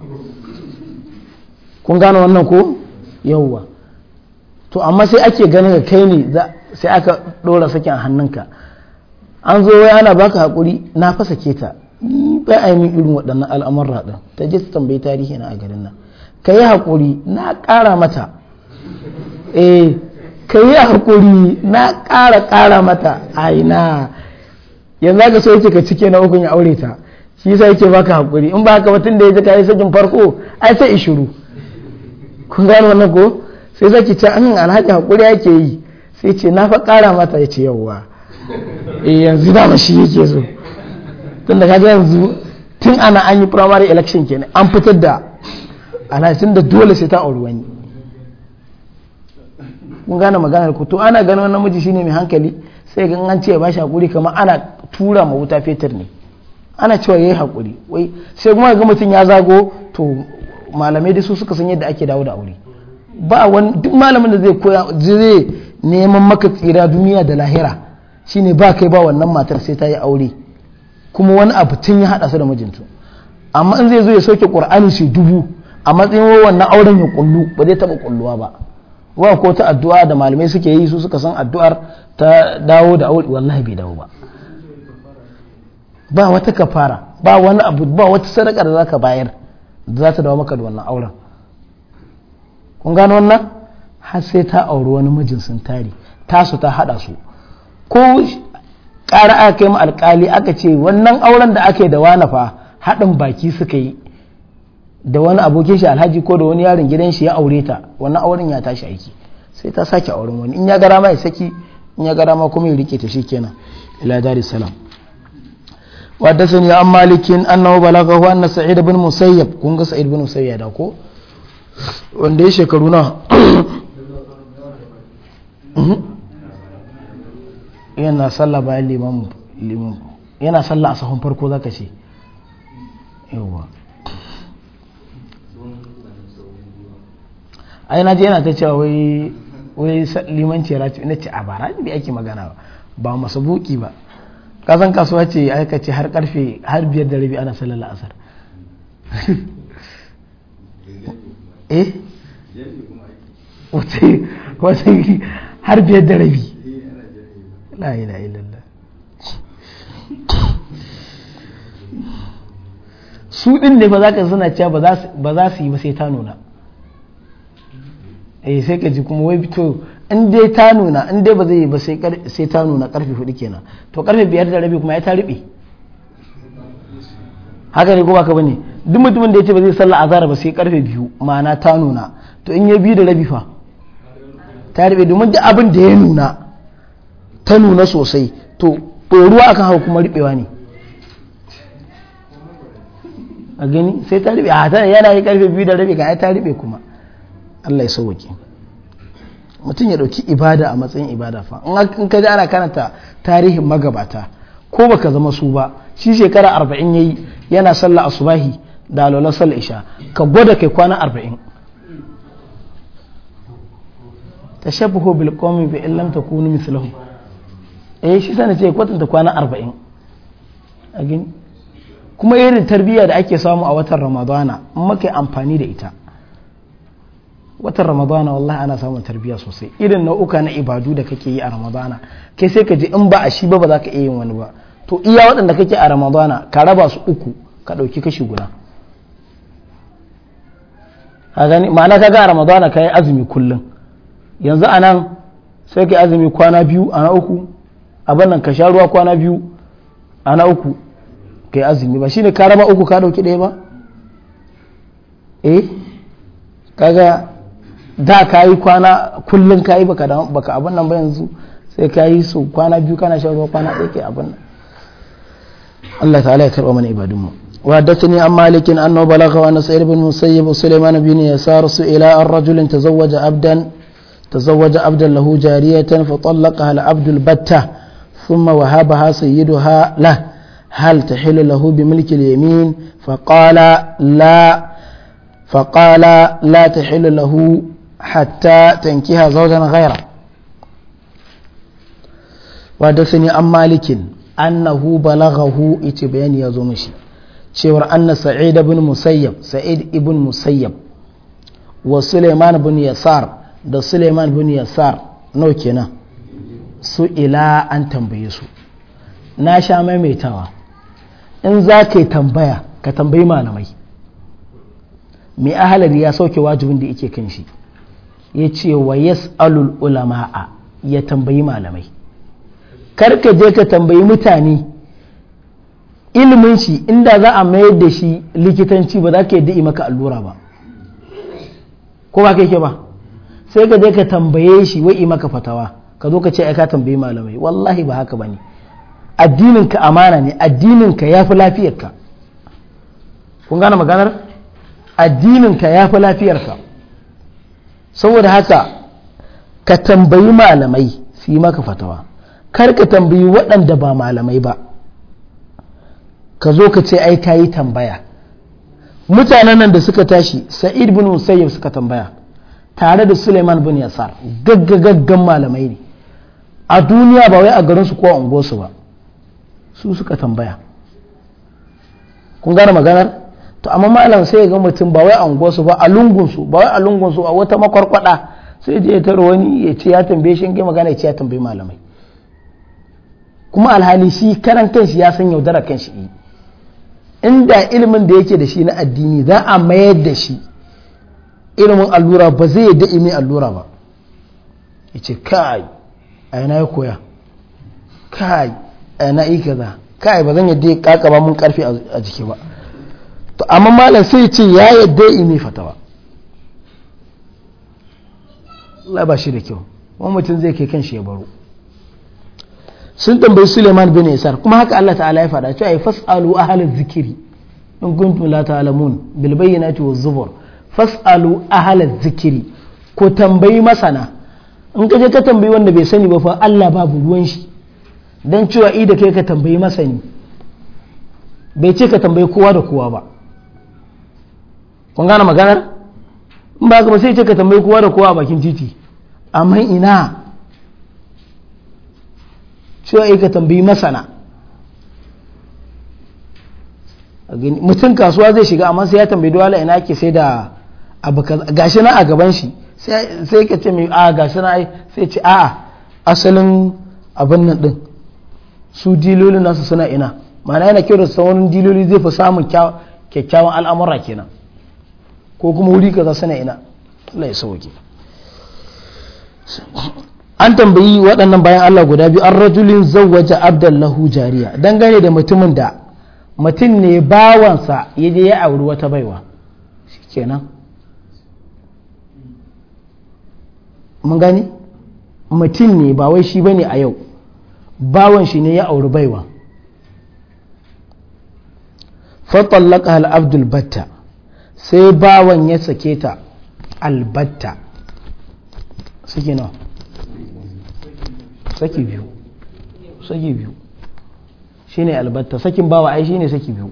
kun gane wannan ko yawwa to amma sai ake ganin ka kai ne sai aka ɗora sakin hannunka an zo wai ana baka haƙuri na fasa sake ta bai a yi min irin waɗannan al'amurra ɗin ta je ta tambayi tarihi na a garin nan ka yi haƙuri na ƙara mata eh ka yi hakuri na ƙara ƙara mata aina yanzu ka so yake ka cike na ukun ya aure ta shi yasa yake baka hakuri in ba ka batun da ya ji ka yi sakin farko ai sai ishuru kun gano wannan ko sai zaki ce an alhaji hakuri yake yi sai ce na fa ƙara mata ya ce yawwa eh yanzu ba shi yake so tun da kaga yanzu tun ana an yi primary election kenan an fitar da alhaji tun da dole sai ta auri wani kun gane maganar ku to ana ganin namiji shine mai hankali sai ga an ce ba shi hakuri kamar ana tura ma wuta fetur ne ana cewa yayi hakuri wai sai kuma ga mutum ya zago to malamai da su suka san yadda ake dawo da aure ba wani duk malamin da zai koya zai neman maka tsira duniya da lahira shine ba kai ba wannan matar sai ta yi aure kuma wani abu tun ya hada su da mijinta amma in zai zo ya soke qur'ani su dubu a matsayin wannan auren ya kullu ba zai taba kulluwa ba wa ko ta addu'a da malamai suke yi su suka san addu'ar ta dawo da aure wallahi bai dawo ba ba wata kafara ba wani abu ba wata sadaka da zaka bayar da za ta dawo maka da wannan auren kun gano wannan har sai ta auri wani mijin sun tare tasu ta hada su ko ƙara aka mu alkali aka ce wannan auren da ake da wani fa haɗin baki suka yi da wani abokin shi alhaji ko da wani yarin gidan shi ya aure ta wannan auren ya tashi aiki sai ta sake auren wani in ya gara ma ya saki in ya gara ma kuma ya rike ta shi kenan ila dari salam وحدثني عن مالك انه anna sa'id ibn musayyab kun ga sa'id ibn musayyab da ko wanda ya shekaru na yana sallah bayan liman yana sallah a sahun farko zaka ce yawa ai na je yana ta cewa wai wai limanci ce na ce a bara bi ake magana ba ba buki ba kasan kasuwa ce aka ce har karfe har biyar da rabi ana sallar asar eh wace wace har biyar da rabi la ila illallah su din ne ba za ka suna cewa ba za su yi ba sai ta nuna eh sai ka ji kuma wai fito in dai ta nuna in dai ba zai yi ba sai ta nuna karfe hudu kenan to karfe biyar da rabi kuma ya ta riɓe haka ne ko baka bane duk mutumin da ya ce ba zai sallah azhar ba sai karfe biyu ma'ana ta nuna to in ya biyu da rabi fa ta riɓe domin duk abin da ya nuna ta nuna sosai to ɗoruwa akan hau kuma riɓewa ne a gani sai ta riɓe a yana yi karfe biyu da rabi ga ya ta riɓe kuma Allah ya sauwake mutum ya ɗauki ibada a matsayin ibada fa in ka ji ana karanta tarihin magabata ko baka zama su ba shi shekara arba'in ya yi yana sallah asubahi da alolan sallah isha ka gwada kai kwana arba'in ta tashabbuhu bil qawmi bi illam takunu mithlahum eh shi sana ce kwatanta kwana arba'in a kuma irin tarbiyya da ake samu a watan ramadana in yi amfani da ita watan ramadana wallahi ana samun tarbiyya sosai irin nau'uka na ibadu da kake yi a ramadana kai sai ka je in ba a shi ba ba za ka iya yin wani ba to iya waɗanda kake a ramadana ka raba su uku ka ɗauki kashi guda ma'ana ka ga a ramadana ka yi azumi kullum yanzu a nan sai ka yi azumi kwana biyu a uku abin nan ka sha ruwa kwana biyu a na uku ka yi azumi ba shine ka raba uku ka ɗauki ɗaya ba eh kaga da ka yi kwana kullum ka yi baka abin nan ba yanzu sai ka yi su kwana biyu kana shan ruwa kwana ɗaya ke abin nan Allah ta'ala ya karɓa mana ibadunmu وحدثني عن مالك أنه بلغه أن سعيد بن المسيب وسليمان بن يسار سئل عن رجل تزوج عبدا تزوج عبدا له جارية فطلقها العبد البتة ثم وهبها سيدها له هل تحل له بملك اليمين فقال لا فقال لا تحل له حتى تنكيها زوجا غيره وحدثني عن مالك أنه بلغه إتبان يزومشي شور أن سعيد بن مسيب سعيد ابن مسيب وسليمان بن يسار da Suleman bin Yassar nau kenan su ila an tambaye su na sha maimaitawa in za ka yi tambaya ka tambayi malamai mai ahalar ya sauke wajibin da yake kan shi ya ce wa yas'alul ulama'a ya tambayi malamai karka je ka tambayi mutane ilimin shi inda za a mayar da shi likitanci ba za ka yi maka allura ba ko ba ka yake ba sai ka je ka tambaye shi wai maka fatawa ka zo ka ce ai ka tambayi malamai wallahi ba haka bane addinin ka amana ne addinin ka yafi lafiyarka kun gane maganar addinin ka yafi lafiyarka saboda haka ka tambayi malamai su yi maka fatawa kar ka tambayi waɗanda ba malamai ba ka zo ka ce ai ka yi tambaya mutanen nan da suka tashi sa'id bin musayyib suka tambaya tare da suleiman bin yasar gaggagaggan malamai ne a duniya ba wai a garinsu ko a unguwarsu ba su suka tambaya kun gane maganar to amma malam sai ya ga mutum ba wai anguwarsu ba a lungunsu ba wai a lungunsu a wata makwarkwada sai je ya taro wani ya ce ya tambaye shi ga magana ya ce ya tambaye malamai kuma alhali shi karan kanshi ya san yaudara kanshi yi eh. inda ilimin da yake da shi na addini za a mayar da shi ilimin allura ba zai yadda imi allura ba ya ce kai a yana ya koya kai a yana yi kaza kai ba zan yadda ya ba mun karfi a jiki ba to amma malam sai ce ya yadda yi mai fatawa Allah ba shi da kyau wani mutum zai ke kan shi ya baro sun tambayi Suleiman bin Isar kuma haka Allah ta'ala ya fada cewa fas'alu halin zikiri in kuntum la ta'lamun bil bayyinati waz zubur fas'alu halin zikiri ko tambayi masana in ka je ka tambayi wanda bai sani ba fa Allah babu ruwan shi dan cewa i da kai ka tambayi masani bai ce ka tambayi kowa da kowa ba kun gane maganar in ba kuma sai ce ka tambayi kowa da kowa a bakin titi amma ina cewa eh ka tambayi masana mutum kasuwa zai shiga amma sai ya tambayi dole ina ke sai da gashi na a gaban shi sai ka ce mai a gashi na ai sai ce a asalin abin nan din su dilolin nasu suna ina ma'ana yana kyau da sauran diloli zai fi samun kyakkyawan al'amura kenan ko kuma wuri kaza na ina Allah ya sauke an tambayi waɗannan bayan Allah guda biyu an rajulin zawwaja abdallahu jariya dangane da mutumin da mutum ne bawansa ya je ya auri wata baiwa shikenan mun gani mutum ne ba wai shi bane a yau bawan shi ne ya auri baiwa fatallaka al abdul batta sai bawan ya sake ta albatta suke nan saki biyu saki biyu shine albatta sakin bawa ai shine saki biyu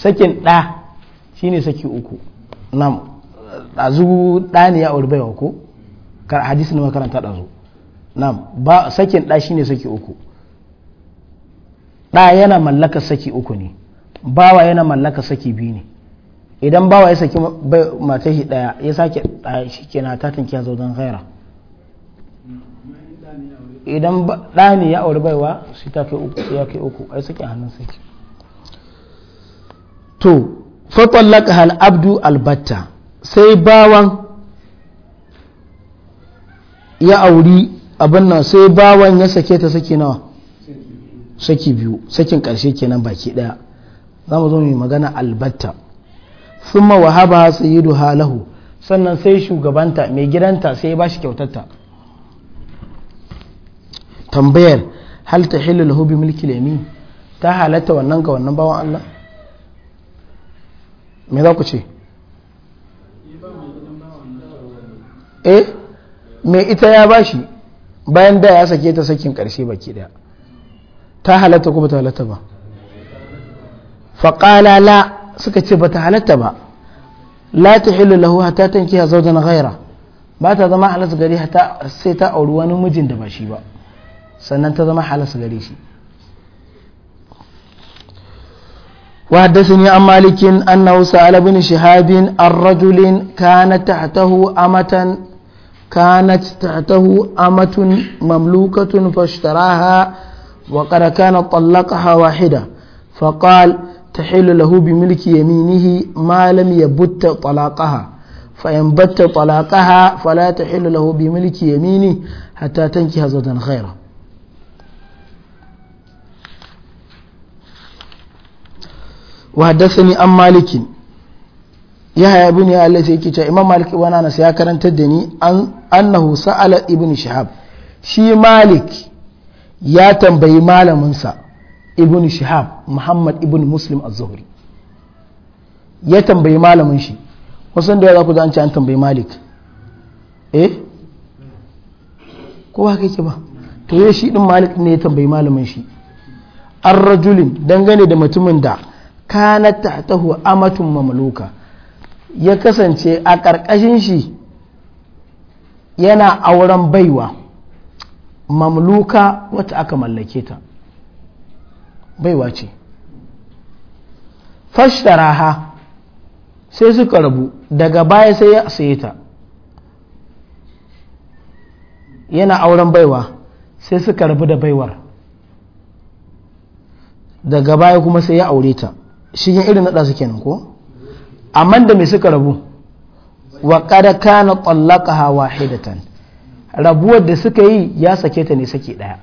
sakin ɗa shine saki uku nam ɗazu ɗa ne ya aure baiwa ko kar hadisi ne makaranta ɗazu nam ba sakin ɗa shine saki uku ɗa yana mallaka saki uku ne bawa yana mallaka saki biyu ne idan bawa ya saki mata shi daya ya sake shi kenan ta tankiya zaudan khaira idan ne ya auri baiwa shi ta kai uku ya kai uku ai saki hannun saki to fatallaka hal abdu albatta sai bawan ya auri abin nan sai bawan ya sake ta saki nawa saki biyu sakin ƙarshe kenan baki ɗaya za mu zo mu magana albatta ثم وهبها سيدها له sannan sai shugabanta mai gidanta sai ba shi kyautarta tambayar hal ta hillu lahu bi mulki lemi ta halatta wannan ga wannan bawan Allah me za ku ce eh me ita ya ba shi bayan da ya sake ta sakin karshe baki daya ta halatta ko ba ta halatta ba faƙala la suka ce ba ta halatta ba la ta hillu lahu hata ta kiya zaujan ghaira ba ta zama halas gari hata sai ta auri wani mijin da ba shi ba sannan ta zama halas gari shi wa haddathani an malikin annahu sa'ala bin shihabin ar-rajulin kanat tahtahu amatan كانت تحته أمة مملوكة فاشتراها وقد كان طلقها واحدة فقال تحل له بملك يمينه ما لم يبت طلاقها فإن بت طلاقها فلا تحل له بملك يمينه حتى تنكح زوجا خيره وحدثني عن مالك يحيى بن الذي كتا امام مالك وانا انا سيا كرنت دني ان انه سال ابن شهاب شي مالك يا تنبي مالمنسا ibn shihab muhammad ibn muslim az-zuhri ya tambayi malamin shi wasu da za ku an ci an tambayi malik eh kowa kake ba to ya shi din malik ne ya tambayi malamin shi an rajulin dangane da mutumin da kana tahtahu amatun mamluka ya kasance a ƙarƙashin shi yana auren baiwa mamluka wata aka mallake ta baiwa ce ha sai suka rabu daga baya sai ya saye ta yana auren baiwa sai suka rabu da baiwar daga baya kuma sai ya aure ta yin irin naɗa suke nan ko amma da mai suka rabu wa kada kana ƙwallaka hawa haidatan rabuwar da suka yi ya sake ta ne sake ɗaya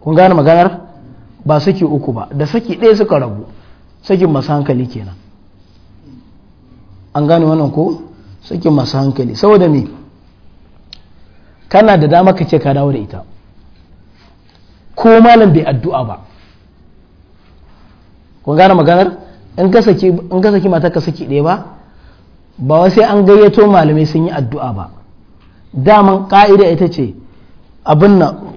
kun gane maganar ba saki uku ba da saki ɗaya suka rabu sakin masu hankali kenan an gane wannan ko sakin masu hankali saboda me kana da dama ka ce ka dawo da ita ko malam bai addu'a ba kun gane maganar in ka saki mata ka saki ɗaya ba ba wai sai an gayyato malamai sun yi addu'a ba daman ka'ida ita ce abin nan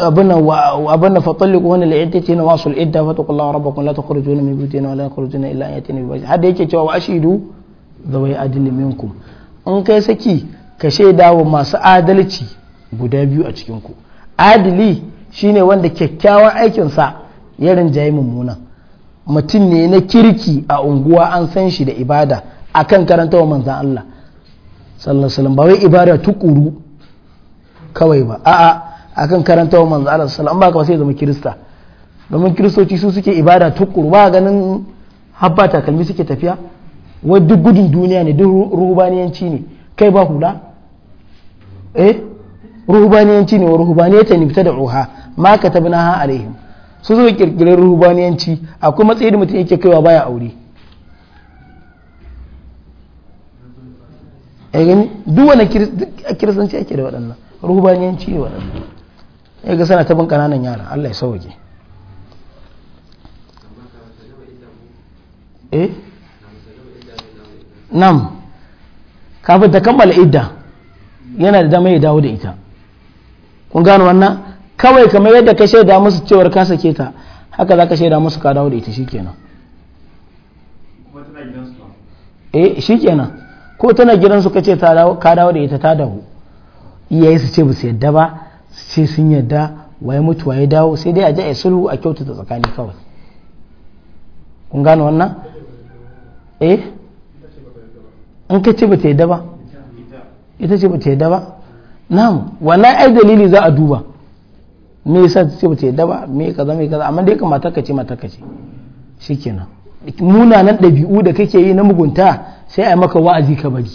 abin ko wani la'idda ce na wasu al'idda fatakullah rabbakun la takhruju min buyutina wa la yakhrujuna illa an yatina bi bajin hadda yake cewa ashidu zawai adil minkum in kai saki ka shaida wa masu adalci guda biyu a cikin ku adili shine wanda kyakkyawan aikin sa ya rinjaye mummuna mutum ne na kirki a unguwa an san shi da ibada akan karantawa manzan Allah sallallahu alaihi wasallam ba wai ibada tukuru kawai ba a'a akan wa manzo Allah sallallahu alaihi wasallam ba ka sai zama kirista domin kiristoci su suke ibada tukuru ba ganin habba takalmi suke tafiya wai duk gudun duniya ne duk ruhubaniyanci ne kai ba hula eh ruhubaniyanci ne wa ruhubaniyata ne fita da ruha ma ka tabi na ha alaihim su zo kirkirar ruhubaniyanci akwai matsayi da mutum yake kaiwa baya aure eh gani duk wani kiristanci ake da waɗannan ruhubaniyanci ne waɗannan ya ga sana ta bin kananan yara Allah ya sauke eh nam kafin ta kammala idda yana da dama ya dawo da ita kun gano wannan kawai kamar yadda ka shaida musu cewar ka sake ta haka za ka shaida musu ka dawo da ita shikenan eh kenan ko tana gidansu ka ce ka dawo da ita ta dawo iyayen su ce ba su yadda ba sai sun yadda waye mutu waye dawo sai dai a ji a sulhu a kyautata tsakani kawai kun gano wannan eh in ka ce ba ta yadda ba ita ce ba ta yadda ba na'am wannan ai dalili za a duba me yasa ta ce ba ta yadda ba me kaza me kaza amma dai ka mata kace mata kace shikenan munanan ɗabi'u da kake yi na mugunta sai a maka wa'azi ka bari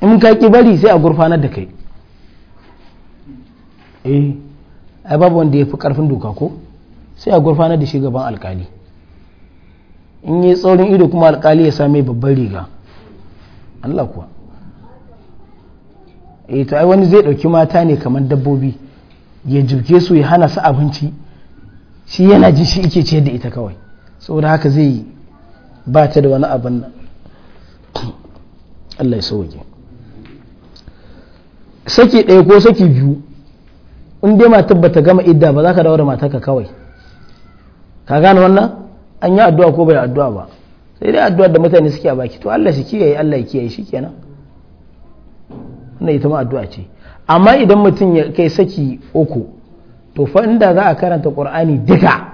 in ka ki bari sai a gurfanar da kai eh ai babu wanda ya fi karfin doka ko sai a gurfanar da shi gaban alkali in yi tsaurin ido kuma alkali ya same babban riga Allah kuwa eh ta ai wani zai dauki mata ne kamar dabbobi ya jibge su ya hana su abinci shi yana ji shi ike ciyar da ita kawai saboda haka zai yi ba ta da wani abin nan Allah ya sauke saki ɗaya ko saki biyu in dai matar bata gama idda ba za ka dawo da matarka kawai ka gane wannan an yi addu'a ko bai addu'a ba sai dai addu'a da mutane suke a baki to Allah shi kiyaye Allah ya kiyaye kenan wannan ita ma addu'a ce amma idan mutum ya kai saki uku to fa inda za a karanta qur'ani duka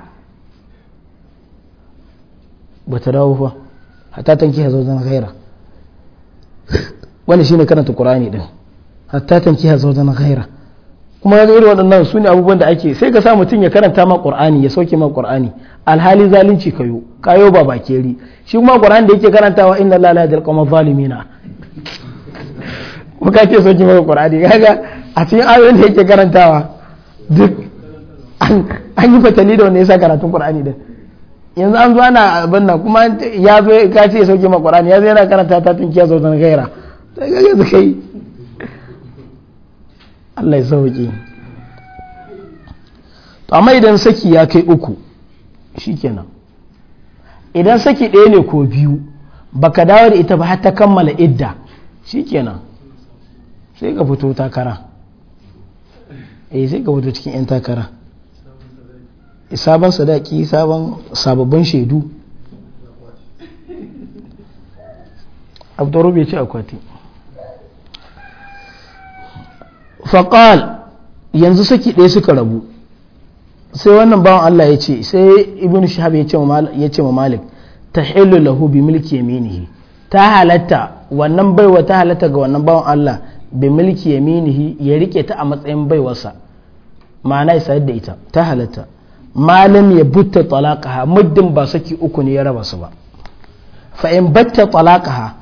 bata dawo fa hatta tanki hazozan ghaira wannan shine karanta qur'ani din hatta tanki hazozan ghaira kuma yanzu irin waɗannan su ne abubuwan da ake sai ka sa mutum ya karanta ma ƙur'ani ya sauke ma ƙur'ani. alhali zalunci kayo kayo ba bakeri shi kuma ƙur'ani da yake karantawa inna lalata da inna ilaihi zalimina ka ce sauke ma ƙur'ani? kaga a cikin ayoyin da yake karantawa duk an yi fatali da wanda ya sa karatun ƙur'ani. din yanzu an zo ana abin nan kuma ya zo ka ce sauke ma qur'ani ya zo yana karanta ta tun zo zan gaira sai ga kai Allah ya sauke to amma idan saki ya kai uku shikenan idan saki ɗaya ne ko biyu baka dawo da ita ba har ta kammala idda shikenan sai ka fito takara eh sai ka fito cikin 'yan takara eh, sabon sadaki sabon sababbin shaidu abdurrabi ya ce akwati faƙal yanzu saki ɗaya suka rabu sai wannan bawan Allah ya ce sai ibn shahab ya ce ma malik ta lahu bi milki yaminihi ta halatta wannan baiwa ta halatta ga wannan bawan Allah bi milki yaminihi ya rike ta a matsayin baiwarsa ma'ana ya sayar da ita ta halatta malam ya butta talaqaha muddin ba saki uku ne ya raba su ba fa in batta talaqaha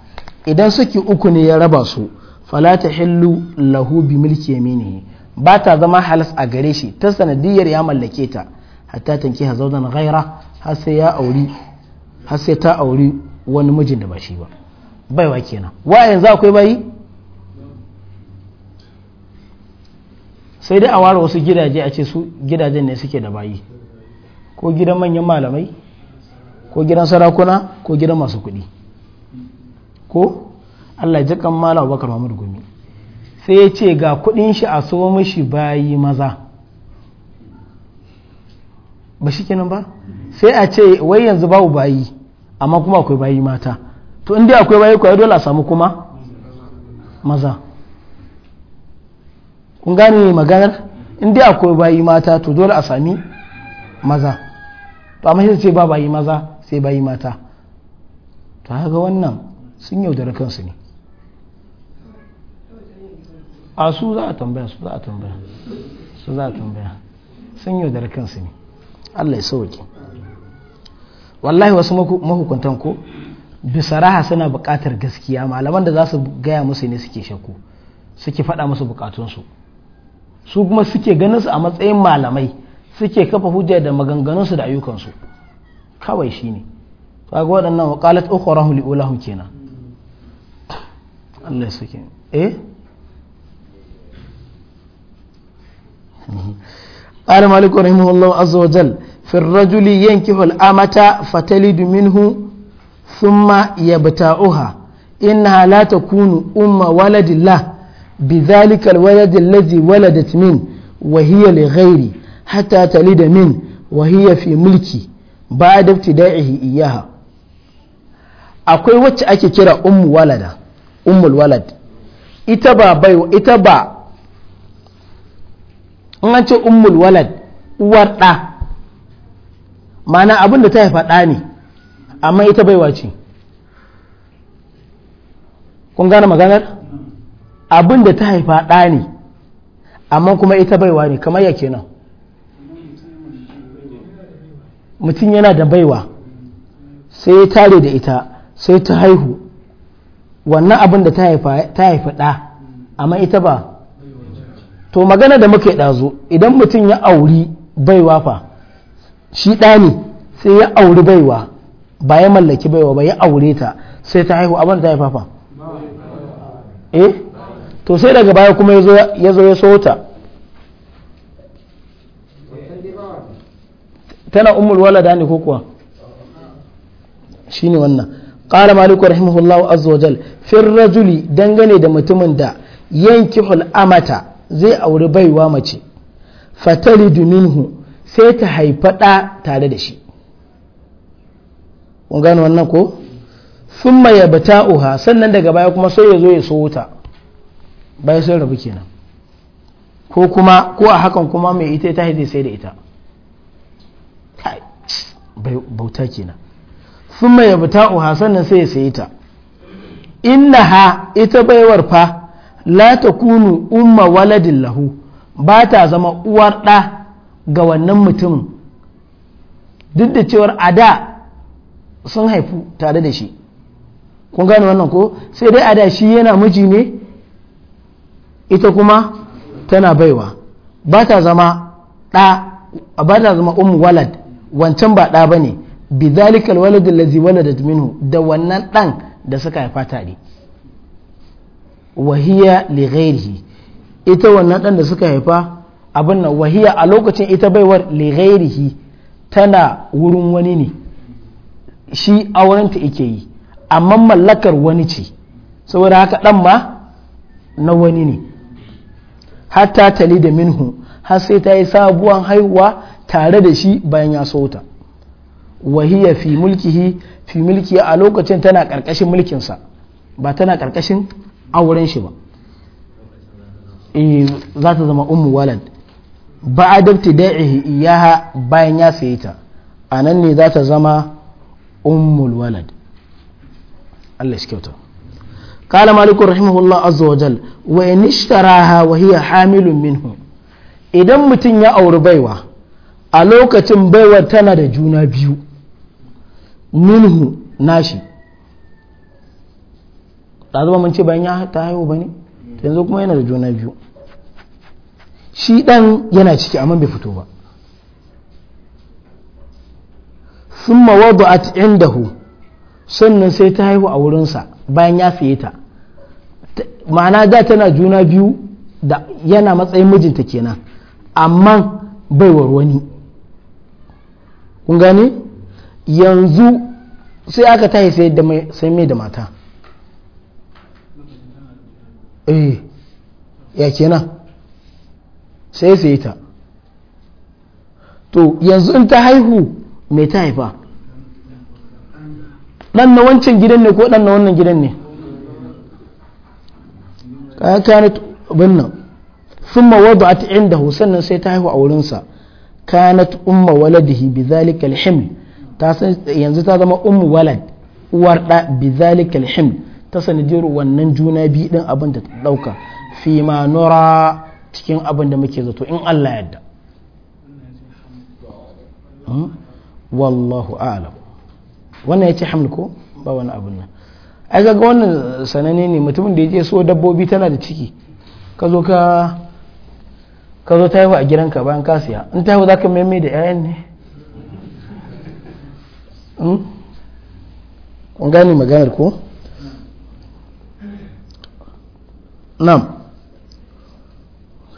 idan saki uku ne ya raba su falata hillu lahu bi milki yaminihi ba ta zama halas a gare shi ta sanadiyar ya mallake ta hatta ha zaudan ghaira har sai ya auri har sai ta auri wani mijin da ba shi ba baiwa kenan wa yanzu akwai bayi sai dai a ware wasu gidaje a ce su gidajen ne suke da bayi ko gidan manyan malamai ko gidan sarakuna ko gidan masu kuɗi ko Allah ji kan mala Abubakar Muhammad Gumi sai ya ce ga kudin shi a so mashi bayi maza ba shi kenan ba sai a ce wai yanzu babu bayi amma kuma akwai bayi mata to inda akwai bayi kwaye dole a samu kuma maza kun gane maganar inda akwai bayi mata to dole a sami maza to amma shi ce ba bayi maza sai bayi mata to haka wannan sun yaudara kansu ne a su za a tambaya su za a tambaya su za a tambaya sun yi da kansu ne Allah ya sauke wallahi wasu mahukuntan ko bisaraha suna buƙatar gaskiya malaman da za su gaya musu ne suke shakku suke faɗa musu buƙatunsu su kuma suke ganin su a matsayin malamai suke kafa hujja da maganganunsu da ayyukansu kawai shi ne kaga waɗannan wakalat ukhrahu li kenan Allah ya sake eh قال مالك رحمه الله عز وجل في الرجل ينكح الأمة فتلد منه ثم يبتاؤها إنها لا تكون أم ولد الله بذلك الولد الذي ولدت من وهي لغيري حتى تلد من وهي في ملكي بعد ابتدائه إياها akwai wacce أكي كرا أم ولد أم الولد إتبا بيو إتبا in an ce ummul walad uwar ɗa mana abin da ta haifa ɗa ne amma ita baiwa ce kun gane maganar abin da ta haifa ɗa ne amma kuma ita baiwa ne kamar ya nan, mutum yana da baiwa sai ya tare da ita sai ta haihu wannan abin da ta haifa ɗa amma ita ba to magana da muke ɗazu idan mutum ya auri baiwa fa shi ɗani sai ya auri baiwa ba ya mallaki baiwa ba ya aure ta sai ta haihu abin ta haifa fa eh to sai daga baya kuma ya zo ya so ta tana ummul walada ne ko kuwa shine wannan qala maliku rahimahullahu azza wajal fi rajuli dangane da mutumin da yankihul amata zai auri baiwa mace fatalidu minhu sai ta haifa ɗa tare da shi kun gano wannan ko bata uha sannan daga baya kuma sai ya zo ya so ta bayan sun rabu kenan ko kuma ko a hakan kuma mai ita ta haife sai da ita bauta kenan bata uha sannan sai ya sayi ta innaha ita baiwar fa la kunu umma waladin lahu ba ta zama uwar ɗa ga wannan mutum duk da cewar a da sun haifu tare da shi kun gane wannan ko sai dai a da shi yana miji ne ita kuma tana baiwa ba ta zama ɗa ba ta zama ummu walad wancan ba ɗa ba ne zalikal waladin lazi waladat minhu da wannan ɗan da suka haifa tare wahiya li ita wannan ɗan da suka haifa abin nan wahiya a lokacin ita baiwar li tana wurin wani ne shi aurenta ike yi amma mallakar wani ce saboda haka ɗan ma na wani ne hatta tali da minhu har sai ta yi sabuwan haihuwa tare da shi bayan ya sauta wahiya fi mulkihi fi mulki a lokacin tana ƙarƙashin mulkinsa ba tana karkashin auren shi ba eh, za ta zama ummu walad ba adabti da'ihi iyaha bayan ya sayi ta a nan ne za ta zama ummul walad Allah shi kyauta قال مالك رحمه الله wa وجل وإن wa hiya hamilun minhu? idan mutum ya auri baiwa a lokacin baiwar tana da juna biyu minhu nashi ɗazu mun ce bayan ya ta haihu ba ne yanzu kuma yana da juna biyu shi ɗan yana ciki amma bai fito ba sun mawadu a dahu sannan sai ta haihu a wurinsa bayan ya fiye ta ma'ana da tana juna biyu da yana matsayin mijinta kenan amma bai wani kun gane yanzu sai aka tahi sai mai da mata eh ya kenan sai sai ta to yanzu in ta haihu mai ta haifa dan na wancan gidan ne ko dan na wannan gidan ne kaya sun binna a wada'at indahu sannan sai ta haihu a wurinsa kanat umma waladihi zalikal himl ta san yanzu ta zama umma walad uwar da zalikal himl ta sanadiyar wannan juna biyu din abin da ta dauka fi ma nura cikin abin da muke zato in Allah yadda hmm? wallahu alam wannan ya ce hamil ko ba wani abin nan ai ga wannan sananne ne mutumin da ya je so dabbobi tana da ciki ka zo ka ka zo ta wa a gidanka bayan ka siya in ta yi za ka maimai da 'ya'yan ne hmm? kun gane maganar ko nam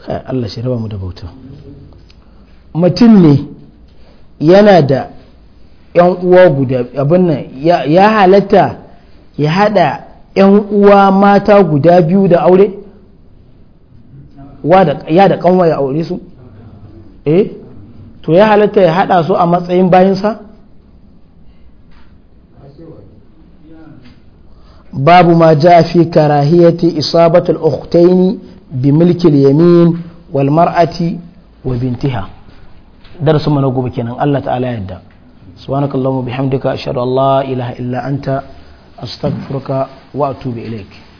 Allah shi raba mu da bauta mutum ne yana da yan uwa guda abin nan ya halatta ya hada yan uwa mata guda biyu da aure ya da kanwa ya aure su eh to ya halatta ya hada su a matsayin bayansa babu ma ja fi karahiyati isabatul ukhtaini bi milkil yamin wal mar'ati wa bintiha darasin na gobe kenan Allah ta'ala yadda subhanaka allahumma bihamdika ashhadu an la ilaha illa anta astaghfiruka wa atubu ilaik